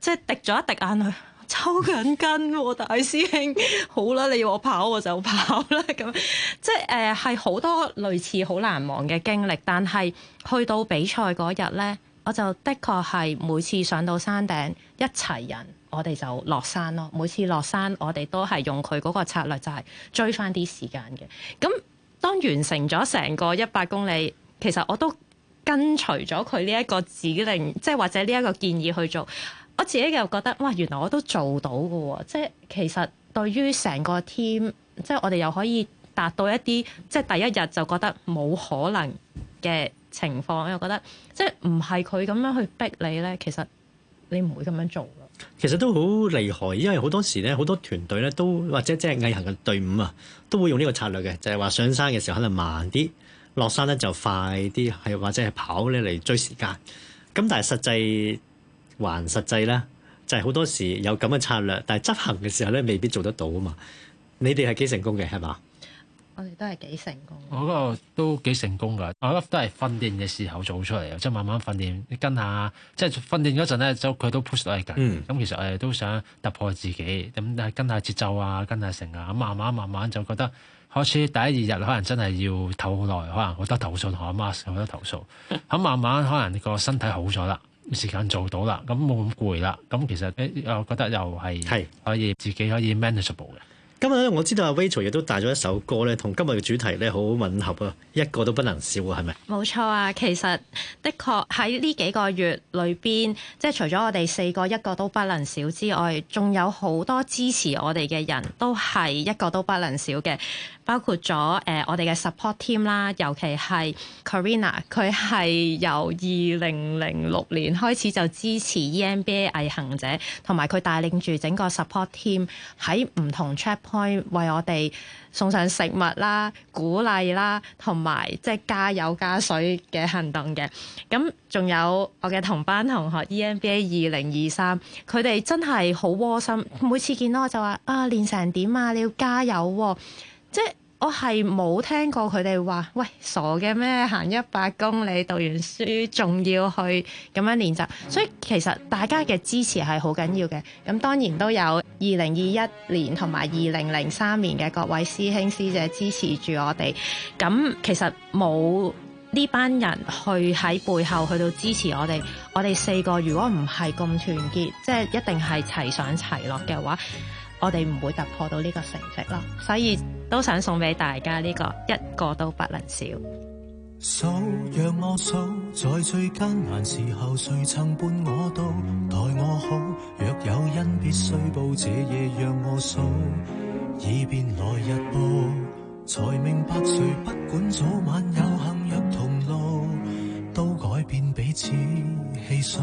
即係滴咗一滴眼淚，抽緊筋啊。大師兄， 好啦，你要我跑我就跑啦。咁即係誒，係好多類似好難忘嘅經歷。但係去到比賽嗰日咧，我就的確係每次上到山頂，一齊人。我哋就落山咯。每次落山，我哋都係用佢嗰個策略，就係追翻啲時間嘅。咁當完成咗成個一百公里，其實我都跟隨咗佢呢一個指令，即係或者呢一個建議去做。我自己又覺得，哇！原來我都做到嘅喎，哦。即係其實對於成個 team，即係我哋又可以達到一啲即係第一日就覺得冇可能嘅情況。我又覺得即係唔係佢咁樣去逼你咧，其實你唔會咁樣做。其實都好厲害，因為好多時咧，好多團隊咧都或者即係毅行嘅隊伍啊，都會用呢個策略嘅，就係話上山嘅時候可能慢啲，落山咧就快啲，係或者係跑咧嚟追時間。咁但係實際還實際啦，就係好多時有咁嘅策略，但係執行嘅時候咧未必做得到啊嘛。你哋係幾成功嘅係嘛？我哋都係幾成功，我覺得我都幾成功㗎。我覺得都係訓練嘅時候做出嚟嘅，即係慢慢訓練，跟下，即係訓練嗰陣咧，就佢都 push 我嚟㗎。咁、嗯、其實我哋都想突破自己，咁跟下節奏啊，跟下成啊。咁慢慢慢慢就覺得，開始第一二日可能真係要唞耐，可能好多投訴同阿媽好多投訴。咁 慢慢可能個身體好咗啦，時間做到啦，咁冇咁攰啦。咁其實誒，我覺得又係可以是自己可以 manageable 嘅。今日咧，我知道阿 Rachel 亦都帶咗一首歌咧，同今日嘅主題咧好吻合啊！一個都不能少啊，係咪？冇錯啊，其實的確喺呢幾個月裏邊，即係除咗我哋四個一個都不能少之外，仲有好多支持我哋嘅人都係一個都不能少嘅。包括咗誒、呃，我哋嘅 support team 啦，尤其係 Karina，佢係由二零零六年開始就支持 EMBA 毅行者，同埋佢帶領住整個 support team 喺唔同 checkpoint 為我哋送上食物啦、鼓勵啦，同埋即係加油加水嘅行動嘅。咁仲有我嘅同班同學 EMBA 二零二三，佢哋真係好窩心。每次見到我就話啊，練成點啊？你要加油啊。即係我係冇聽過佢哋話，喂，傻嘅咩？行一百公里讀完書，仲要去咁樣練習。所以其實大家嘅支持係好緊要嘅。咁當然都有二零二一年同埋二零零三年嘅各位師兄師姐支持住我哋。咁其實冇呢班人去喺背後去到支持我哋，我哋四個如果唔係咁團結，即係一定係齊上齊落嘅話。我哋唔會突破到呢個成績咯，所以都想送俾大家呢個一個都不能少。So, 讓我數，讓我數，在最艱難時候，誰曾伴我到？待我好。若有恩必須報，這夜讓我數，以便來日報，才明白，誰不管早晚有幸約同路，都改變彼此氣數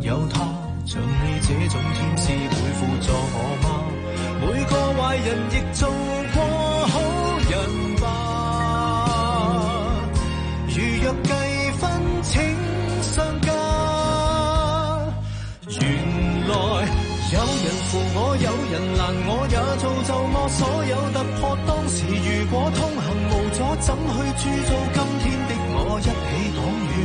有他，像你這種天使會輔助我嗎？每個壞人亦做過好人吧。如若計分，請相加。原來有人扶我，有人攔我，也造就我所有突破。當時如果通行無阻，怎去鑄造今天的我？一起擋雨。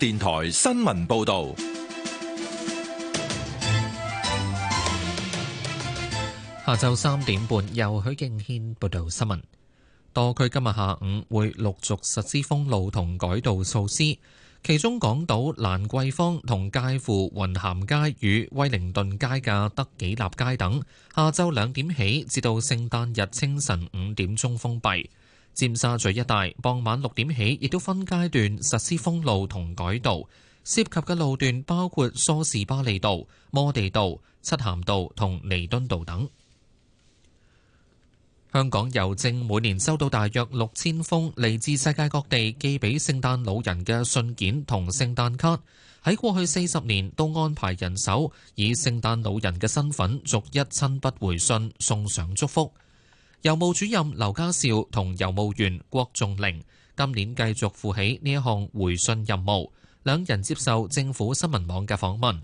電台新聞報道，下晝三點半由許敬軒報道新聞。多區今日下午會陸續實施封路同改道措施，其中港島蘭桂坊同介乎雲咸街與威靈頓街嘅德己立街等，下晝兩點起至到聖誕日清晨五點鐘封閉。尖沙咀一帶傍晚六點起，亦都分階段實施封路同改道，涉及嘅路段包括梳士巴利道、摩地道、漆咸道同彌敦道等。香港郵政每年收到大約六千封嚟自世界各地寄俾聖誕老人嘅信件同聖誕卡，喺過去四十年都安排人手以聖誕老人嘅身份逐一親筆回信送上祝福。郵務主任劉家兆同郵務員郭仲玲今年繼續負起呢一項回信任務。兩人接受政府新聞網嘅訪問。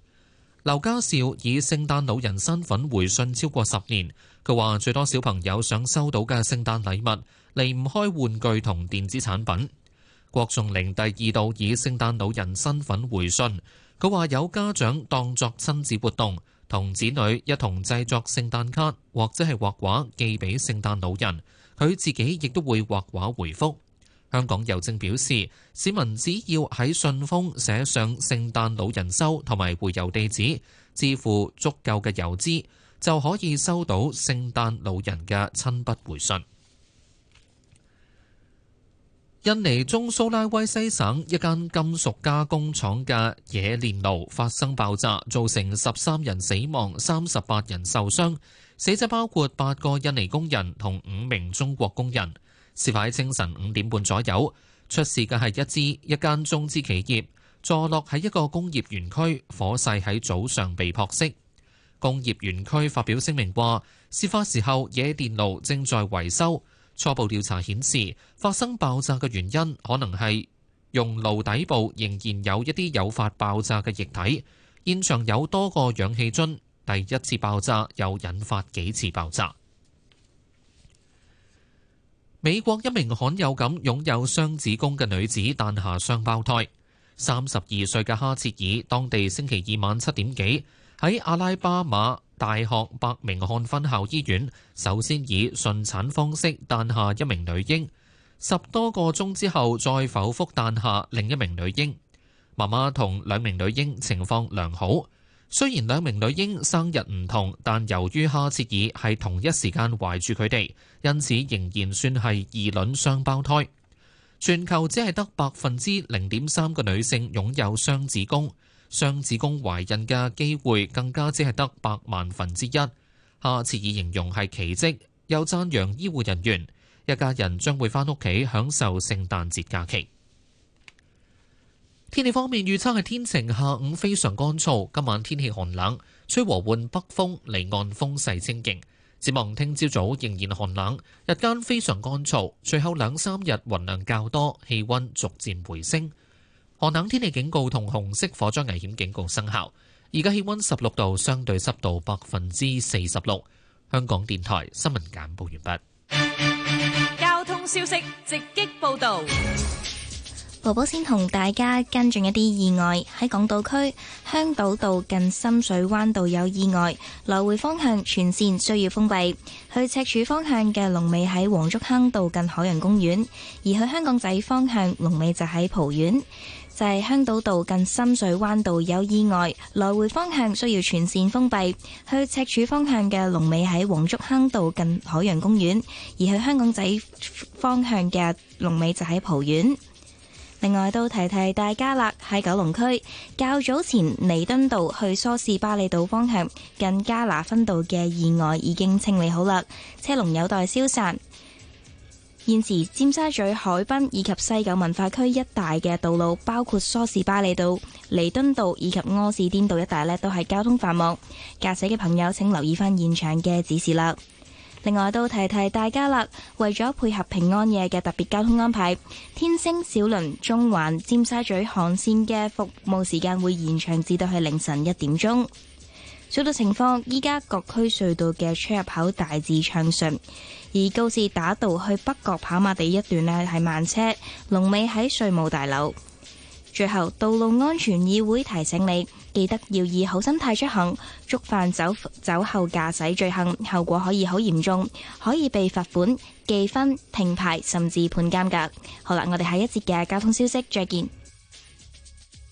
劉家兆以聖誕老人身份回信超過十年，佢話最多小朋友想收到嘅聖誕禮物，離唔開玩具同電子產品。郭仲玲第二度以聖誕老人身份回信，佢話有家長當作親子活動。同子女一同製作聖誕卡，或者係畫畫寄俾聖誕老人，佢自己亦都會畫畫回覆。香港郵政表示，市民只要喺信封寫上聖誕老人收同埋回郵地址，支付足夠嘅郵資，就可以收到聖誕老人嘅親筆回信。印尼中蘇拉威西省一間金屬加工廠嘅冶煉爐發生爆炸，造成十三人死亡、三十八人受傷，死者包括八個印尼工人同五名中國工人。事發喺清晨五點半左右，出事嘅係一支一間中資企業，坐落喺一個工業園區，火勢喺早上被撲熄。工業園區發表聲明話，事發時候冶煉爐正在維修。初步調查顯示，發生爆炸嘅原因可能係熔爐底部仍然有一啲誘發爆炸嘅液體。現場有多個氧氣樽，第一次爆炸又引發幾次爆炸。美國一名罕有咁擁有雙子宮嘅女子誕下雙胞胎。三十二歲嘅哈切爾，當地星期二晚七點幾喺阿拉巴馬大學伯明翰分校醫院首先以順產方式誕下一名女嬰，十多個鐘之後再剖腹誕下另一名女嬰。媽媽同兩名女嬰情況良好，雖然兩名女嬰生日唔同，但由於哈切爾係同一時間懷住佢哋，因此仍然算係二卵雙胞胎。全球只係得百分之零點三嘅女性擁有雙子宮。雙子宮懷孕嘅機會更加只係得百萬分之一，下次以形容係奇蹟，又讚揚醫護人員。一家人將會翻屋企享受聖誕節假期。天氣方面預測係天晴，下午非常乾燥，今晚天氣寒冷，吹和緩北風，離岸風勢清勁。展望聽朝早仍然寒冷，日間非常乾燥，隨後兩三日雲量較多，氣温逐漸回升。寒冷天氣警告同紅色火災危險警告生效。而家氣溫十六度，相對濕度百分之四十六。香港電台新聞簡報完畢。交通消息直擊報道。婆婆先同大家跟進一啲意外。喺港島區香島道近深水灣道有意外，來回方向全線需要封閉。去赤柱方向嘅龍尾喺黃竹坑道近海洋公園，而去香港仔方向龍尾就喺蒲苑。就係香島道近深水灣道有意外，來回方向需要全線封閉。去赤柱方向嘅龍尾喺黃竹坑道近海洋公園，而去香港仔方向嘅龍尾就喺蒲園。另外都提提大家啦，喺九龍區，較早前彌敦道去梳士巴利道方向近加拿分道嘅意外已經清理好啦，車龍有待消散。現時尖沙咀海濱以及西九文化區一帶嘅道路，包括梳士巴利道、彌敦道以及柯士甸道一帶呢都係交通繁忙。駕駛嘅朋友請留意翻現場嘅指示啦。另外都提提大家啦，為咗配合平安夜嘅特別交通安排，天星小輪中環尖沙咀航線嘅服務時間會延長至到係凌晨一點鐘。隧道情況依家各區隧道嘅出入口大致暢順。而高士打道去北角跑馬地一段呢，係慢車，龍尾喺稅務大樓。最後，道路安全議會提醒你，記得要以好心態出行，觸犯酒酒後駕駛罪行，後果可以好嚴重，可以被罰款、記分、停牌，甚至判監噶。好啦，我哋下一節嘅交通消息再見。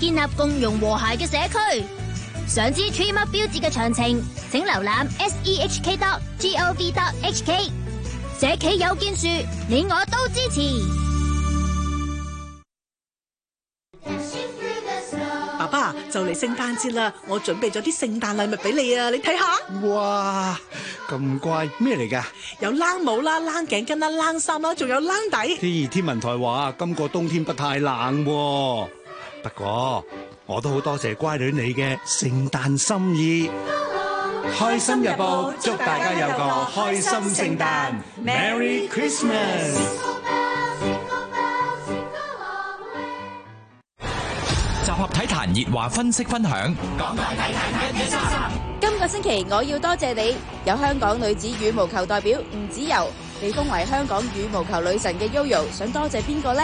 建立共融和諧嘅社區。想知 Tree Up 標誌嘅詳情，請瀏覽 s e h k dot g o v dot h k。社企有建樹，你我都支持。爸爸就嚟聖誕節啦，我準備咗啲聖誕禮物俾你啊，你睇下。哇，咁貴咩嚟噶？有冷帽啦，冷頸巾啦，冷衫啦，仲有冷底。咦，天文台話今個冬天不太冷。不過我都好多謝乖女你嘅聖誕心意，開心日報祝大家有個開心聖誕，Merry Christmas！集合體壇熱話分析分享，講大睇睇睇咩衫？今個星期我要多謝你，有香港女子羽毛球代表吳芷柔被封為香港羽毛球女神嘅 Uro，想多謝邊個呢？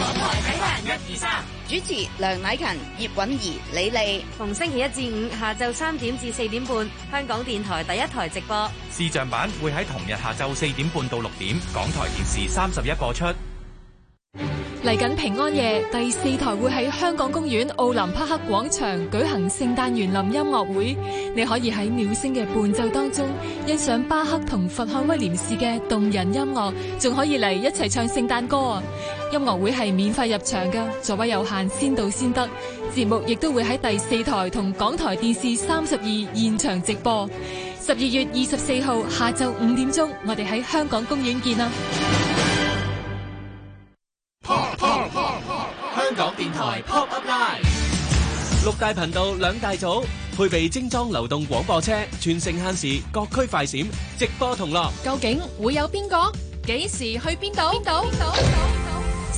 港台睇新聞，一二三。主持梁乃勤、葉允儀、李莉。逢星期一至五下晝三點至四點半，香港電台第一台直播。視像版會喺同日下晝四點半到六點，港台電視三十一播出。嚟緊平安夜，第四台會喺香港公園奧林匹克廣場舉行聖誕園林音樂會。你可以喺鳥聲嘅伴奏當中欣賞巴克同佛漢威廉士嘅動人音樂，仲可以嚟一齊唱聖誕歌啊。音樂會係免費入場嘅，座位有限，先到先得。節目亦都會喺第四台同港台電視三十二現場直播。十二月二十四號下晝五點鐘，我哋喺香港公園見啦！啪啪啪！香港電台 Pop Up Live，六大頻道兩大組，配備精裝流動廣播車，全城限時，各區快閃直播同樂。究竟會有邊個？幾時去邊度？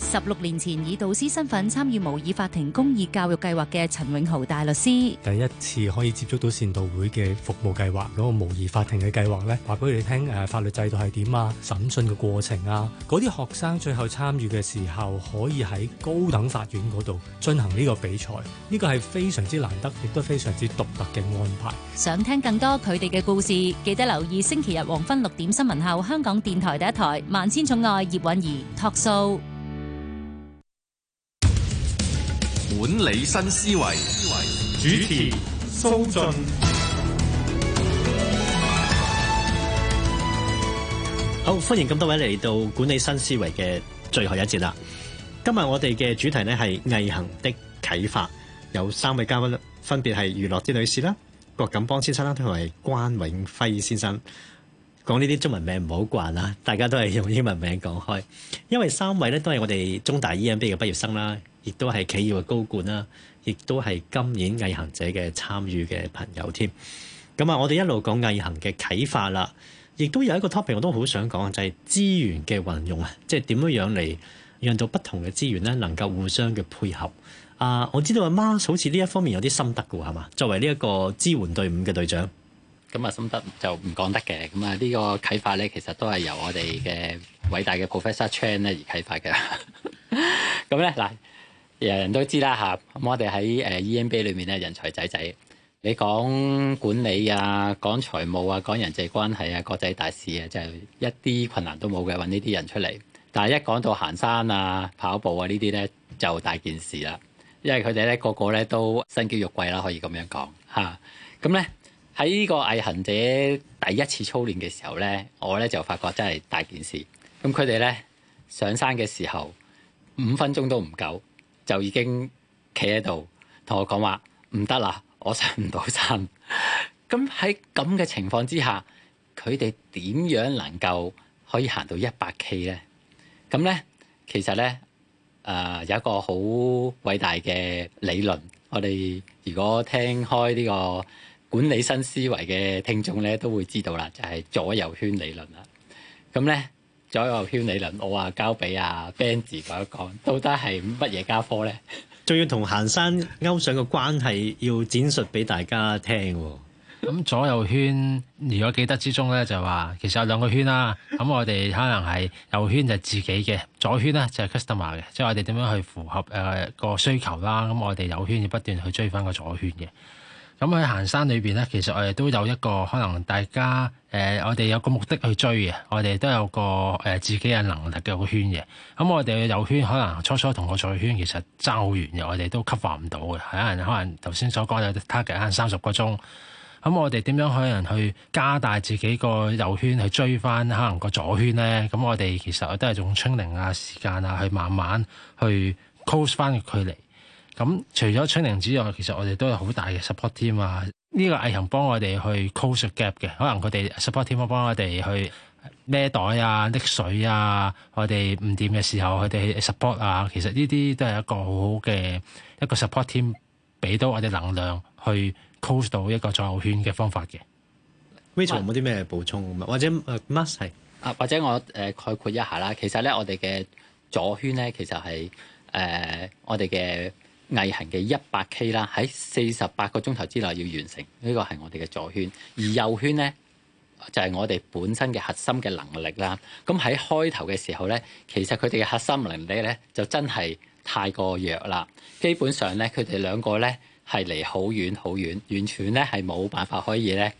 十六年前以導師身份參與模擬法庭公義教育計劃嘅陳永豪大律師，第一次可以接觸到善導會嘅服務計劃。嗰個模擬法庭嘅計劃呢，話俾你哋聽，誒，法律制度係點啊，審訊嘅過程啊，嗰啲學生最後參與嘅時候可以喺高等法院嗰度進行呢個比賽，呢個係非常之難得，亦都非常之獨特嘅安排。想聽更多佢哋嘅故事，記得留意星期日黃昏六點新聞後，香港電台第一台萬千寵愛葉韻儀托數。管理新思維，主持蘇雋。進好，歡迎咁多位嚟到管理新思維嘅最後一節啦。今日我哋嘅主題呢係毅行的啟發，有三位嘉賓分別係余樂之女士啦、郭錦邦先生啦同埋關永輝先生。講呢啲中文名唔好慣啦，大家都係用英文名講開，因為三位呢都係我哋中大 EMBA 嘅畢業生啦。亦都係企業嘅高管啦，亦都係今年毅行者嘅參與嘅朋友添。咁啊，我哋一路講毅行嘅啟發啦，亦都有一個 topic 我都好想講就係、是、資源嘅運用啊，即係點樣樣嚟讓到不同嘅資源咧能夠互相嘅配合啊。我知道阿媽，媽好似呢一方面有啲心得嘅喎，係嘛？作為呢一個支援隊伍嘅隊長，咁啊、 嗯、心得就唔講得嘅。咁啊呢個啟發咧，其實都係由我哋嘅偉大嘅 Professor Chan 咧而啟發嘅。咁咧嗱。嗯嗯人人都知啦，吓、啊，我哋喺誒 EMBA 裏面咧，人才仔仔。你講管理啊，講財務啊，講人際關係啊，國際大事啊，就係、一啲困難都冇嘅，揾呢啲人出嚟。但係一講到行山啊、跑步啊呢啲咧，就大件事啦，因為佢哋咧個個咧都身嬌肉貴啦，可以咁樣講吓，咁咧喺呢個毅行者第一次操練嘅時候咧，我咧就發覺真係大件事。咁佢哋咧上山嘅時候，五分鐘都唔夠。就已經企喺度同我講話唔得啦，我上唔到山。咁喺咁嘅情況之下，佢哋點樣能夠可以行到一百 K 呢？咁 呢，其實呢，誒、呃、有一個好偉大嘅理論，我哋如果聽開呢個管理新思維嘅聽眾呢，都會知道啦，就係、是、左右圈理論啦。咁 呢。左右圈理論，我話交俾阿 Benji 講一講，到底係乜嘢家科咧？仲要同行山勾上嘅關係，要展述俾大家聽。咁 左右圈，如果記得之中咧，就話、是、其實有兩個圈啦、啊。咁 我哋可能係右圈就自己嘅，左圈咧就 customer 嘅，即、就、係、是、我哋點樣去符合誒、呃這個需求啦、啊。咁我哋右圈要不斷去追翻個左圈嘅。咁喺行山裏邊咧，其實我哋都有一個可能，大家誒、呃，我哋有個目的去追嘅，我哋都有個誒、呃、自己嘅能力嘅個圈嘅。咁、嗯、我哋嘅右圈可能初初同個左圈其實爭好遠嘅，我哋都 cover 唔到嘅。有人可能頭先所講有 target 啱三十個鐘，咁、嗯、我哋點樣可能去加大自己個右圈去追翻可能個左圈咧？咁、嗯、我哋其實都係用清零啊、時間啊去慢慢去 close 翻嘅距離。咁、嗯、除咗 training 之外，其實我哋都有好大嘅 support team 啊！呢、這個毅行幫我哋去 close gap 嘅，可能佢哋 support team 幫我哋去孭袋啊、拎水啊，我哋唔掂嘅時候，佢哋 support 啊。其實呢啲都係一個好好嘅一個 support team，俾到我哋能量去 close 到一個左右圈嘅方法嘅。Rachel 冇啲咩補充？咁或者 must 啊、呃？或者我誒、呃、概括一下啦。其實咧，我哋嘅左圈咧，其實係誒、呃、我哋嘅。毅行嘅一百 K 啦，喺四十八個鐘頭之內要完成，呢個係我哋嘅左圈；而右圈咧，就係我哋本身嘅核心嘅能力啦。咁喺開頭嘅時候咧，其實佢哋嘅核心能力咧，就真係太過弱啦。基本上咧，佢哋兩個咧係離好遠好遠，完全咧係冇辦法可以咧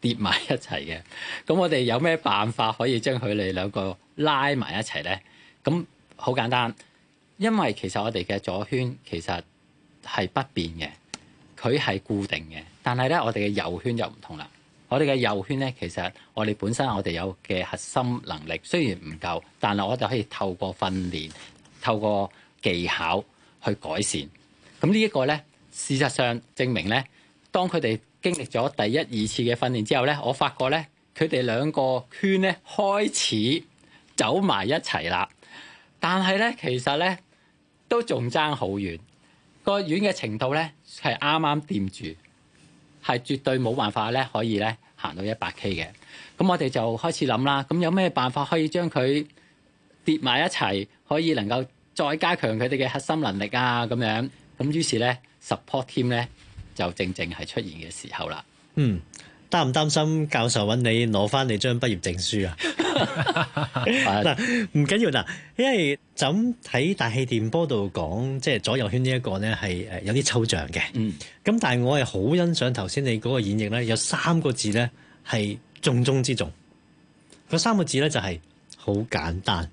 跌埋一齊嘅。咁我哋有咩辦法可以將佢哋兩個拉埋一齊咧？咁好簡單。因為其實我哋嘅左圈其實係不變嘅，佢係固定嘅。但係咧，我哋嘅右圈就唔同啦。我哋嘅右圈咧，其實我哋本身我哋有嘅核心能力雖然唔夠，但係我哋可以透過訓練、透過技巧去改善。咁呢一個咧，事實上證明咧，當佢哋經歷咗第一、二次嘅訓練之後咧，我發覺咧，佢哋兩個圈咧開始走埋一齊啦。但係咧，其實咧，都仲爭好遠，個遠嘅程度咧係啱啱掂住，係絕對冇辦法咧可以咧行到一百 K 嘅。咁我哋就開始諗啦，咁有咩辦法可以將佢跌埋一齊，可以能夠再加強佢哋嘅核心能力啊？咁樣咁於是咧，support team 咧就正正係出現嘅時候啦。嗯。擔唔擔心教授揾你攞翻你張畢業證書啊？唔緊要嗱，因為就咁睇大氣電波度講，即係左右圈呢一個咧係誒有啲抽象嘅。嗯。咁但係我係好欣賞頭先你嗰個演繹咧，有三個字咧係重中之重。嗰三個字咧就係好簡單。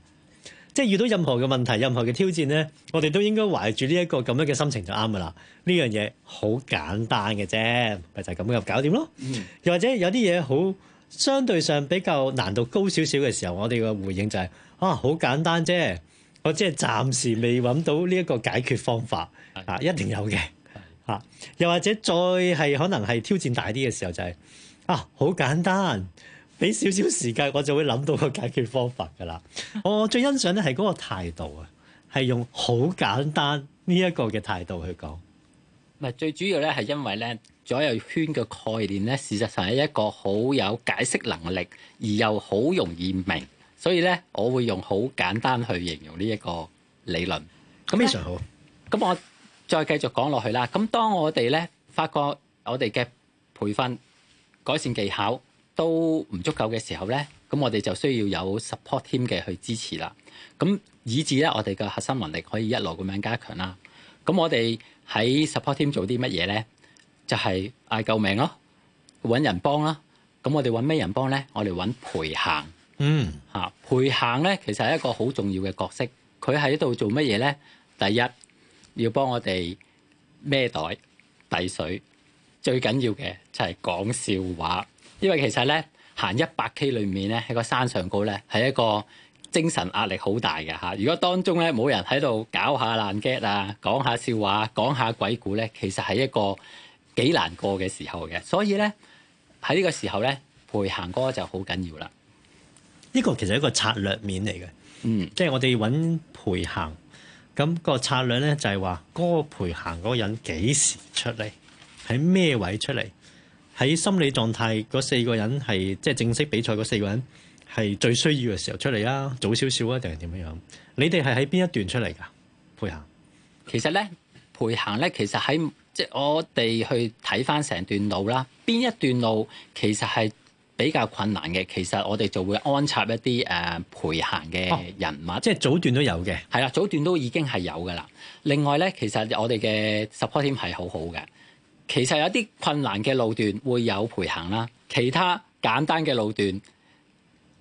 即係遇到任何嘅問題、任何嘅挑戰咧，我哋都應該懷住呢一個咁樣嘅心情就啱噶啦。呢樣嘢好簡單嘅啫，咪就係、是、咁樣搞掂咯。嗯、又或者有啲嘢好相對上比較難度高少少嘅時候，我哋嘅回應就係、是、啊，好簡單啫。我即係暫時未揾到呢一個解決方法，啊，一定有嘅。嚇、啊，又或者再係可能係挑戰大啲嘅時候、就是，就係啊，好簡單。俾少少時間，我就會諗到個解決方法㗎啦。我最欣賞咧係嗰個態度啊，係用好簡單呢一個嘅態度去講。唔係最主要咧，係因為咧左右圈嘅概念咧，事實上係一個好有解釋能力，而又好容易明。所以咧，我會用好簡單去形容呢一個理論。咁非常好。咁我再繼續講落去啦。咁當我哋咧發覺我哋嘅培訓改善技巧。都唔足夠嘅時候咧，咁我哋就需要有 support team 嘅去支持啦。咁以至咧，我哋嘅核心能力可以一路咁樣加強啦。咁我哋喺 support team 做啲乜嘢咧？就係、是、嗌救命咯，揾人幫啦。咁我哋揾咩人幫咧？我哋揾陪行嗯嚇、mm. 陪行咧，其實係一個好重要嘅角色。佢喺度做乜嘢咧？第一要幫我哋孭袋遞水，最緊要嘅就係講笑話。因為其實咧，行一百 K 裏面咧，喺個山上高咧，係一個精神壓力好大嘅嚇。如果當中咧，冇人喺度搞下爛 gag 啊，講下笑話，講下鬼故咧，其實係一個幾難過嘅時候嘅。所以咧，喺呢個時候咧，陪行哥就好緊要啦。呢個其實係一個策略面嚟嘅，嗯，即係我哋揾陪行。咁個策略咧，就係話，個陪行嗰個人幾時出嚟，喺咩位出嚟？喺心理狀態，嗰四個人係即係正式比賽嗰四個人係最需要嘅時候出嚟啦，早少少啊，定係點樣樣？你哋係喺邊一段出嚟噶？陪行其實咧，陪行咧，其實喺即係我哋去睇返成段路啦，邊一段路其實係比較困難嘅。其實我哋就會安插一啲誒陪行嘅人馬，啊、即係早段都有嘅。係啦，早段都已經係有噶啦。另外咧，其實我哋嘅 support team 係好好嘅。其實有啲困難嘅路段會有陪行啦，其他簡單嘅路段，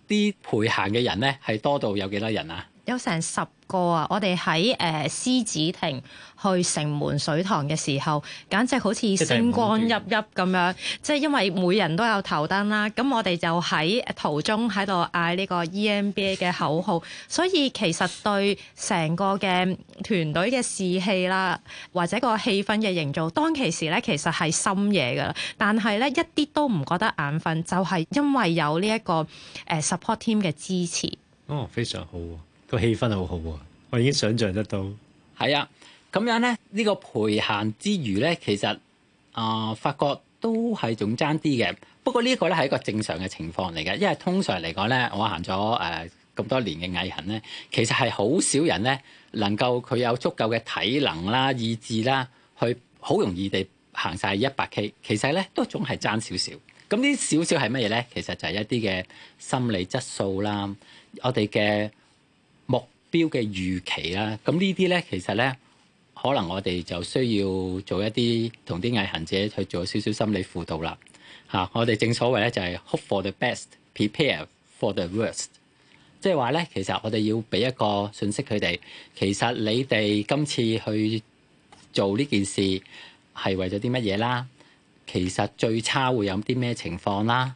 啲陪行嘅人咧係多到有幾多人啊？有成十個啊！我哋喺誒獅子亭去城門水塘嘅時候，簡直好似星光熠熠咁樣。即係因為每人都有頭燈啦，咁我哋就喺途中喺度嗌呢個 EMBA 嘅口號， 所以其實對成個嘅團隊嘅士氣啦，或者個氣氛嘅營造，當其時咧其實係深夜㗎啦。但係咧一啲都唔覺得眼瞓，就係因為有呢一個誒 support team 嘅支持。哦，非常好。個氣氛好好、啊、喎，我已經想像得到。係啊，咁樣咧，呢、呢個陪行之餘咧，其實啊、呃，發覺都係仲爭啲嘅。不過呢個咧係一個正常嘅情況嚟嘅，因為通常嚟講咧，我行咗誒咁多年嘅毅行咧，其實係好少人咧能夠佢有足夠嘅體能啦、意志啦，去好容易地行晒一百 K。其實咧都總係爭少少。咁呢少少係乜嘢咧？其實就係一啲嘅心理質素啦，我哋嘅。標嘅預期啦，咁呢啲咧，其實咧，可能我哋就需要做一啲同啲毅行者去做少少心理輔導啦。吓、啊，我哋正所謂咧、就是，就係 hope for the best，prepare for the worst，即係話咧，其實我哋要俾一個信息佢哋，其實你哋今次去做呢件事係為咗啲乜嘢啦？其實最差會有啲咩情況啦？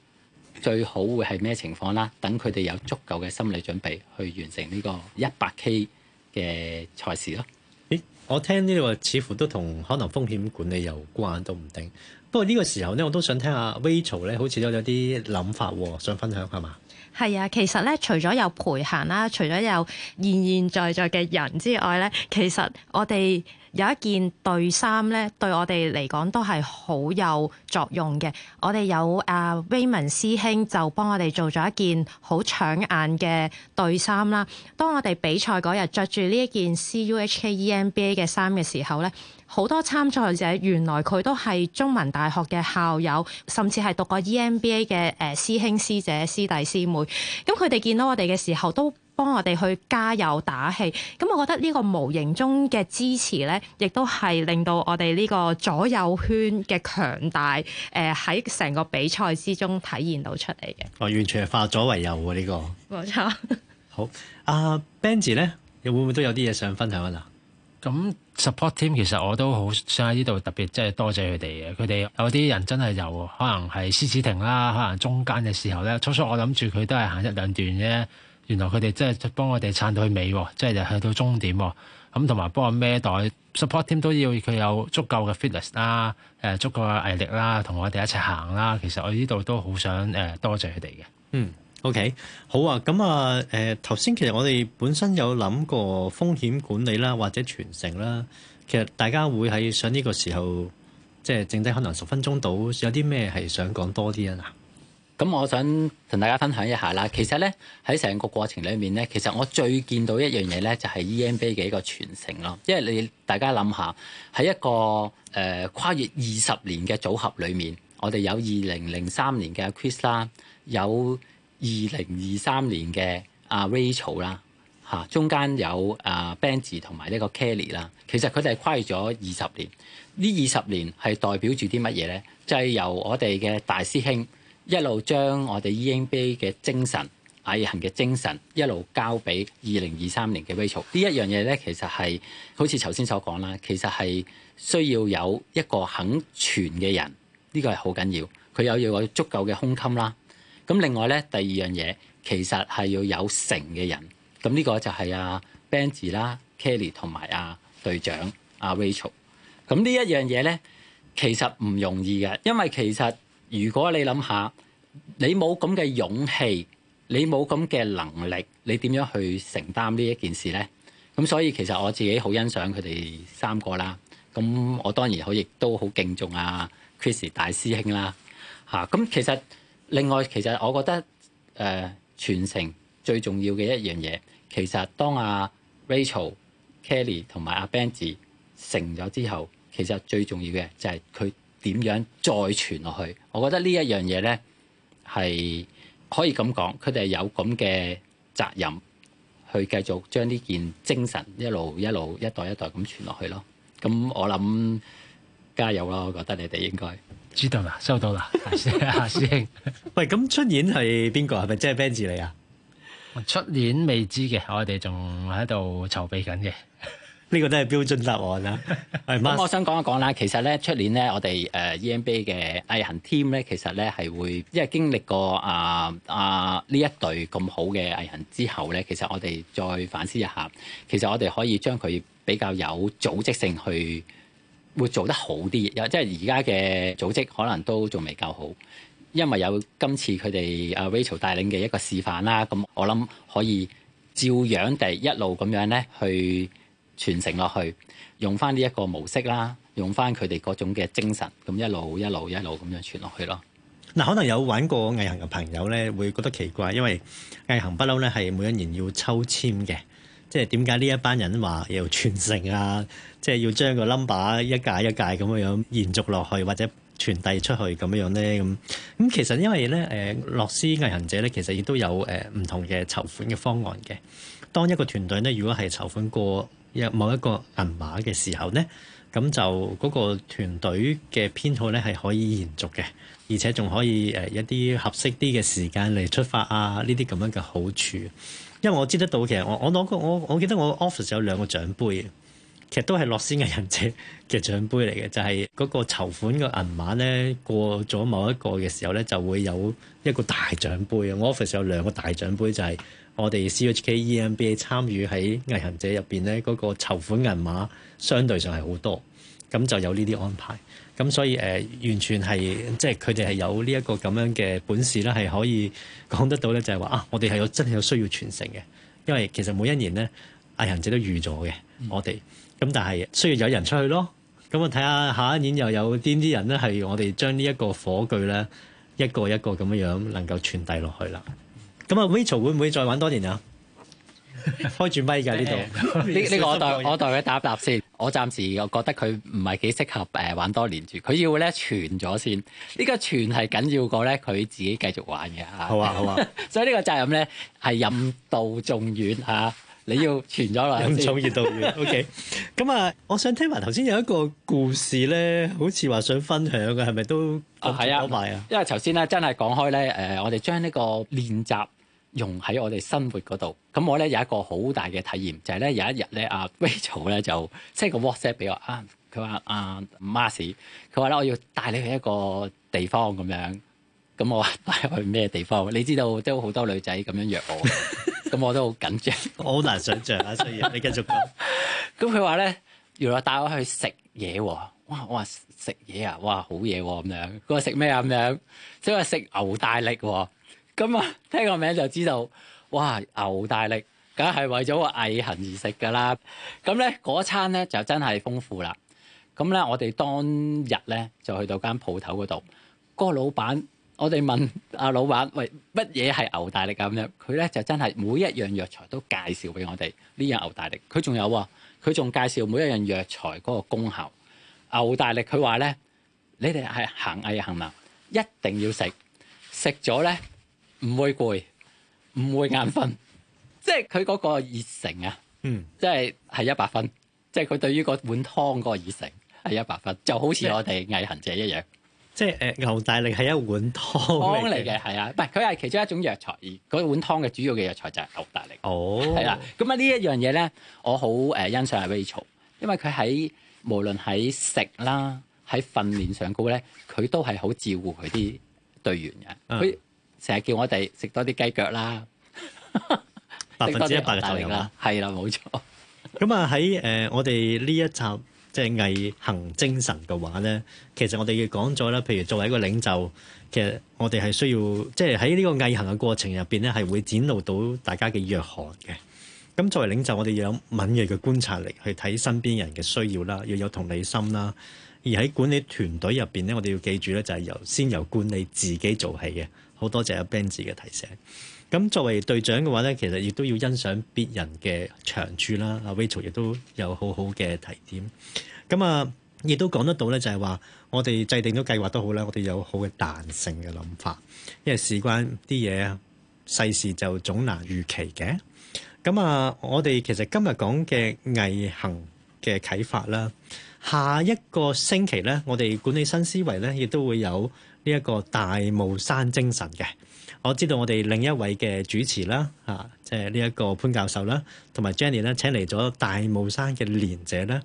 最好會係咩情況啦？等佢哋有足夠嘅心理準備去完成呢個一百 K 嘅賽事咯。咦，我聽呢啲似乎都同可能風險管理有關，都唔定。不過呢個時候咧，我都想聽下 Rachel 咧，好似都有啲諗法，哦，想分享係嘛？係啊，其實咧，除咗有陪行啦，除咗有現現在在嘅人之外咧，其實我哋。有一件隊衫咧，對我哋嚟講都係好有作用嘅。我哋有 Rayman 師兄就幫我哋做咗一件好搶眼嘅隊衫啦。當我哋比賽嗰日着住呢一件 CUHK EMBA 嘅衫嘅時候咧，好多參賽者原來佢都係中文大學嘅校友，甚至係讀過 EMBA 嘅誒、呃、師兄師姐師弟師妹。咁佢哋見到我哋嘅時候都～幫我哋去加油打氣，咁我覺得呢個無形中嘅支持呢，亦都係令到我哋呢個左右圈嘅強大，誒喺成個比賽之中體現到出嚟嘅。哦，完全係化左為右喎，呢、這個冇沒錯 好。好、啊、阿 Benji 呢，你會唔會都有啲嘢想分享啊？嗱，咁 support team 其實我都好想喺呢度特別即係多謝佢哋嘅。佢哋有啲人真係有，可能係獅子亭啦，可能中間嘅時候呢，初初我諗住佢都係行一兩段啫。原來佢哋真係幫我哋撐到去尾，即係就去到終點，咁同埋幫我孭袋 support team 都要佢有足夠嘅 fitness 啦，誒足夠嘅毅力啦，同我哋一齊行啦。其實我呢度都好想誒多謝佢哋嘅。嗯，OK，好啊。咁啊，誒頭先其實我哋本身有諗過風險管理啦，或者傳承啦。其實大家會喺上呢個時候，即係剩低可能十分鐘到，有啲咩係想講多啲啊？咁我想同大家分享一下啦。其實咧喺成個過程裏面咧，其實我最見到一樣嘢咧，就係 EMBA 嘅一個傳承咯。因為你大家諗下喺一個誒、呃、跨越二十年嘅組合裏面，我哋有二零零三年嘅 Chris 啦、啊，有二零二三年嘅阿 Rachel 啦，嚇中間有啊 Benji 同埋呢個 Kelly 啦。其實佢哋係跨越咗二十年，呢二十年係代表住啲乜嘢咧？就係、是、由我哋嘅大師兄。一路將我哋 EMBA 嘅精神、毅行嘅精神，一路交俾二零二三年嘅 Rachel。一呢一樣嘢咧，其實係好似頭先所講啦，其實係需要有一個肯存嘅人，呢個係好緊要。佢有要有足夠嘅胸襟啦。咁另外咧，第二樣嘢其實係要有成嘅人。咁呢個就係阿、啊、Benji 啦、Kelly 同埋阿隊長阿、啊、Rachel。咁呢一樣嘢咧，其實唔容易嘅，因為其實。如果你諗下，你冇咁嘅勇氣，你冇咁嘅能力，你點樣去承擔呢一件事咧？咁所以其實我自己好欣賞佢哋三個啦。咁我當然好，亦都好敬重阿、啊、Chris 大師兄啦。嚇、啊，咁其實另外其實我覺得誒傳承最重要嘅一樣嘢，其實當阿、啊、Rachel、Kelly 同埋阿、啊、Benji 成咗之後，其實最重要嘅就係佢。點樣再傳落去？我覺得呢一樣嘢咧係可以咁講，佢哋係有咁嘅責任去繼續將呢件精神一路一路一代一代咁傳落去咯。咁我諗加油咯，我覺得你哋應該知道啦，收到啦，多謝師兄。喂，咁出演係邊個？係咪即係 Benji 你啊？出演未知嘅，我哋仲喺度籌備緊嘅。呢個都係標準答案。咁 嗯、我想講一講啦。其實咧，出年咧，我哋誒 EMBA 嘅毅行 team 咧，其實咧係會，因為經歷過啊啊呢一隊咁好嘅毅行之後咧，其實我哋再反思一下，其實我哋可以將佢比較有組織性去會做得好啲，有即係而家嘅組織可能都仲未夠好，因為有今次佢哋阿 Rachel 帶領嘅一個示範啦。咁我諗可以照樣地一路咁樣咧去，傳承落去，用翻呢一個模式啦，用翻佢哋各種嘅精神，咁一路一路一路咁樣傳落去咯。嗱，可能有玩過毅行嘅朋友咧，會覺得奇怪，因為毅行不嬲咧係每一年要抽籤嘅，即係點解呢一班人話要傳承啊？即係要將個 number 一屆一屆咁樣延續落去，或者傳遞出去咁樣咧？咁、嗯、咁其實因為咧，誒樂施毅行者咧，其實亦都有誒唔同嘅籌款嘅方案嘅。當一個團隊咧，如果係籌款過，入某一個銀碼嘅時候咧，咁就嗰個團隊嘅編號咧係可以延續嘅，而且仲可以誒一啲合適啲嘅時間嚟出發啊！呢啲咁樣嘅好處，因為我知得到嘅，其實我我攞過，我我記得我 office 有兩個獎杯，其實都係樂施嘅人設嘅獎杯嚟嘅，就係、是、嗰個籌款嘅銀碼咧過咗某一個嘅時候咧，就會有一個大獎杯啊！我 office 有兩個大獎杯就係、是。我哋 CUHK EMBA 參與喺毅行者入邊咧，嗰、那個籌款銀碼相對上係好多，咁就有呢啲安排。咁所以誒、呃，完全係即係佢哋係有呢一個咁樣嘅本事咧，係可以講得到咧，就係話啊，我哋係有真係有需要傳承嘅。因為其實每一年咧，毅行者都預咗嘅我哋。咁但係需要有人出去咯。咁我睇下下一年又有邊啲人咧係我哋將呢一個火炬咧一個一個咁樣樣能夠傳遞落去啦。咁啊，Rachel 會唔會再玩多年啊？ 開住咪㗎呢度，呢呢個我代我代佢答一答先。我暫時又覺得佢唔係幾適合誒玩多年住，佢要咧傳咗先。呢、這個傳係緊要過咧佢自己繼續玩嘅嚇、啊。好啊好啊。 所以呢個責任咧係任道縱遠嚇，你要傳咗啦先。任重道遠。O、okay、K。咁 啊，我想聽埋頭先有一個故事咧，好似話想分享嘅係咪都啊係啊，啊，因為頭先咧真係講開咧誒、呃，我哋將呢個練習。用喺我哋生活嗰度，咁我咧有一個好大嘅體驗，就係咧有一日咧啊 Rachel 咧就即係個 WhatsApp 俾我啊，佢話啊 Mark 佢話咧我要帶你去一個地方咁樣，咁我話帶我去咩地方？你知道即係好多女仔咁樣約我，咁 我都好緊張，我好難想像啊。所以你繼續講，咁佢話咧原來帶我去食嘢喎，哇！我話食嘢啊，哇，好嘢喎咁樣。佢話食咩啊咁樣，即係食牛大力喎。咁啊，聽個名就知道，哇！牛大力梗係為咗個毅行而食噶啦。咁咧嗰餐咧就真係豐富啦。咁咧，我哋當日咧就去到間鋪頭嗰度，嗰個老闆，我哋問阿老闆喂，乜嘢係牛大力咁樣？佢咧就真係每一樣藥材都介紹俾我哋呢樣牛大力。佢仲有啊，佢仲介紹每一樣藥材嗰個功效。牛大力佢話咧，你哋係行毅行啊，一定要食食咗咧。唔會攰，唔會眼瞓， 即係佢嗰個熱誠啊！嗯，即係係一百分，即係佢對於嗰碗湯嗰個熱誠係一百分，就好似即我哋毅行者一樣。即係誒、呃、牛大力係一碗湯嚟嘅，係啊，唔係佢係其中一種藥材，而嗰碗湯嘅主要嘅藥材就係牛大力。哦，係啦、啊，咁啊呢一樣嘢咧，我好誒、呃、欣賞阿 Rachel 因為佢喺無論喺食啦，喺訓練上高咧，佢都係好照顧佢啲隊員嘅。嗯。嗯成日叫我哋食多啲雞腳啦，百分之一百嘅作用啦，係啦，冇錯。咁啊喺誒我哋呢一集即係毅行精神嘅話咧，其實我哋要講咗啦。譬如作為一個領袖，其實我哋係需要即係喺呢個毅行嘅過程入邊咧，係會展露到大家嘅弱項嘅。咁作為領袖，我哋要有敏銳嘅觀察力去睇身邊人嘅需要啦，要有同理心啦。而喺管理團隊入邊咧，我哋要記住咧，就係由先由管理自己做起嘅。好多謝阿 Ben 子嘅提醒。咁作為隊長嘅話咧，其實亦都要欣賞別人嘅長處啦。阿 Rachel 亦都有好好嘅提點。咁啊，亦都講得到咧，就係話我哋制定咗計劃都好啦，我哋有好嘅彈性嘅諗法，因為事關啲嘢啊，世事就總難預期嘅。咁啊，我哋其實今日講嘅毅行嘅啟發啦，下一個星期咧，我哋管理新思維咧，亦都會有。呢一個大霧山精神嘅，我知道我哋另一位嘅主持啦，啊，即係呢一個潘教授啦，同埋 Jenny 咧，請嚟咗大霧山嘅連者咧，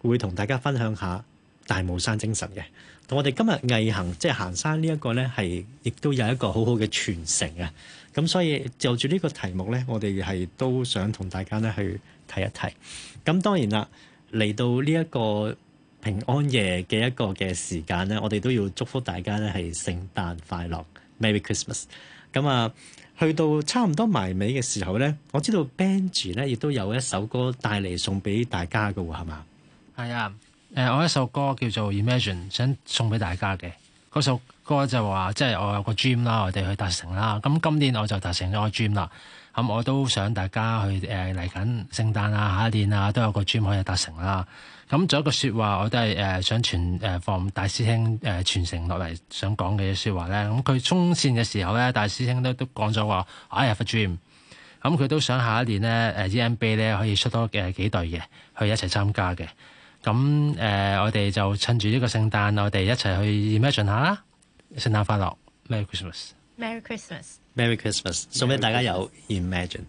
會同大家分享下大霧山精神嘅。同我哋今日毅行，即係行山呢一個咧，係亦都有一個好好嘅傳承啊。咁所以就住呢個題目咧，我哋係都想同大家咧去睇一睇。咁當然啦，嚟到呢一個。平安夜嘅一個嘅時間咧，我哋都要祝福大家咧係聖誕快樂，Merry Christmas！咁啊，去到差唔多埋尾嘅時候咧，我知道 Benji 咧亦都有一首歌帶嚟送俾大家嘅，係嘛？係啊，誒，我一首歌叫做 Imagine，想送俾大家嘅嗰首歌就話，即係我有個 dream 啦，我哋去達成啦。咁今年我就達成咗個 dream 啦，咁我都想大家去誒嚟緊聖誕啊，下一年啊都有個 dream 可以達成啦。咁仲有一個説話，我都係誒想傳誒放大師兄誒傳承落嚟，想講嘅説話咧。咁佢衝線嘅時候咧，大師兄都都講咗話，I have a dream。咁佢都想下一年咧，誒 EMBA 咧可以出多嘅幾隊嘅去一齊參加嘅。咁誒、呃，我哋就趁住呢個聖誕，我哋一齊去 imagine 下啦。聖誕快樂，Merry Christmas，Merry Christmas，Merry Christmas，送俾大家有 imagine。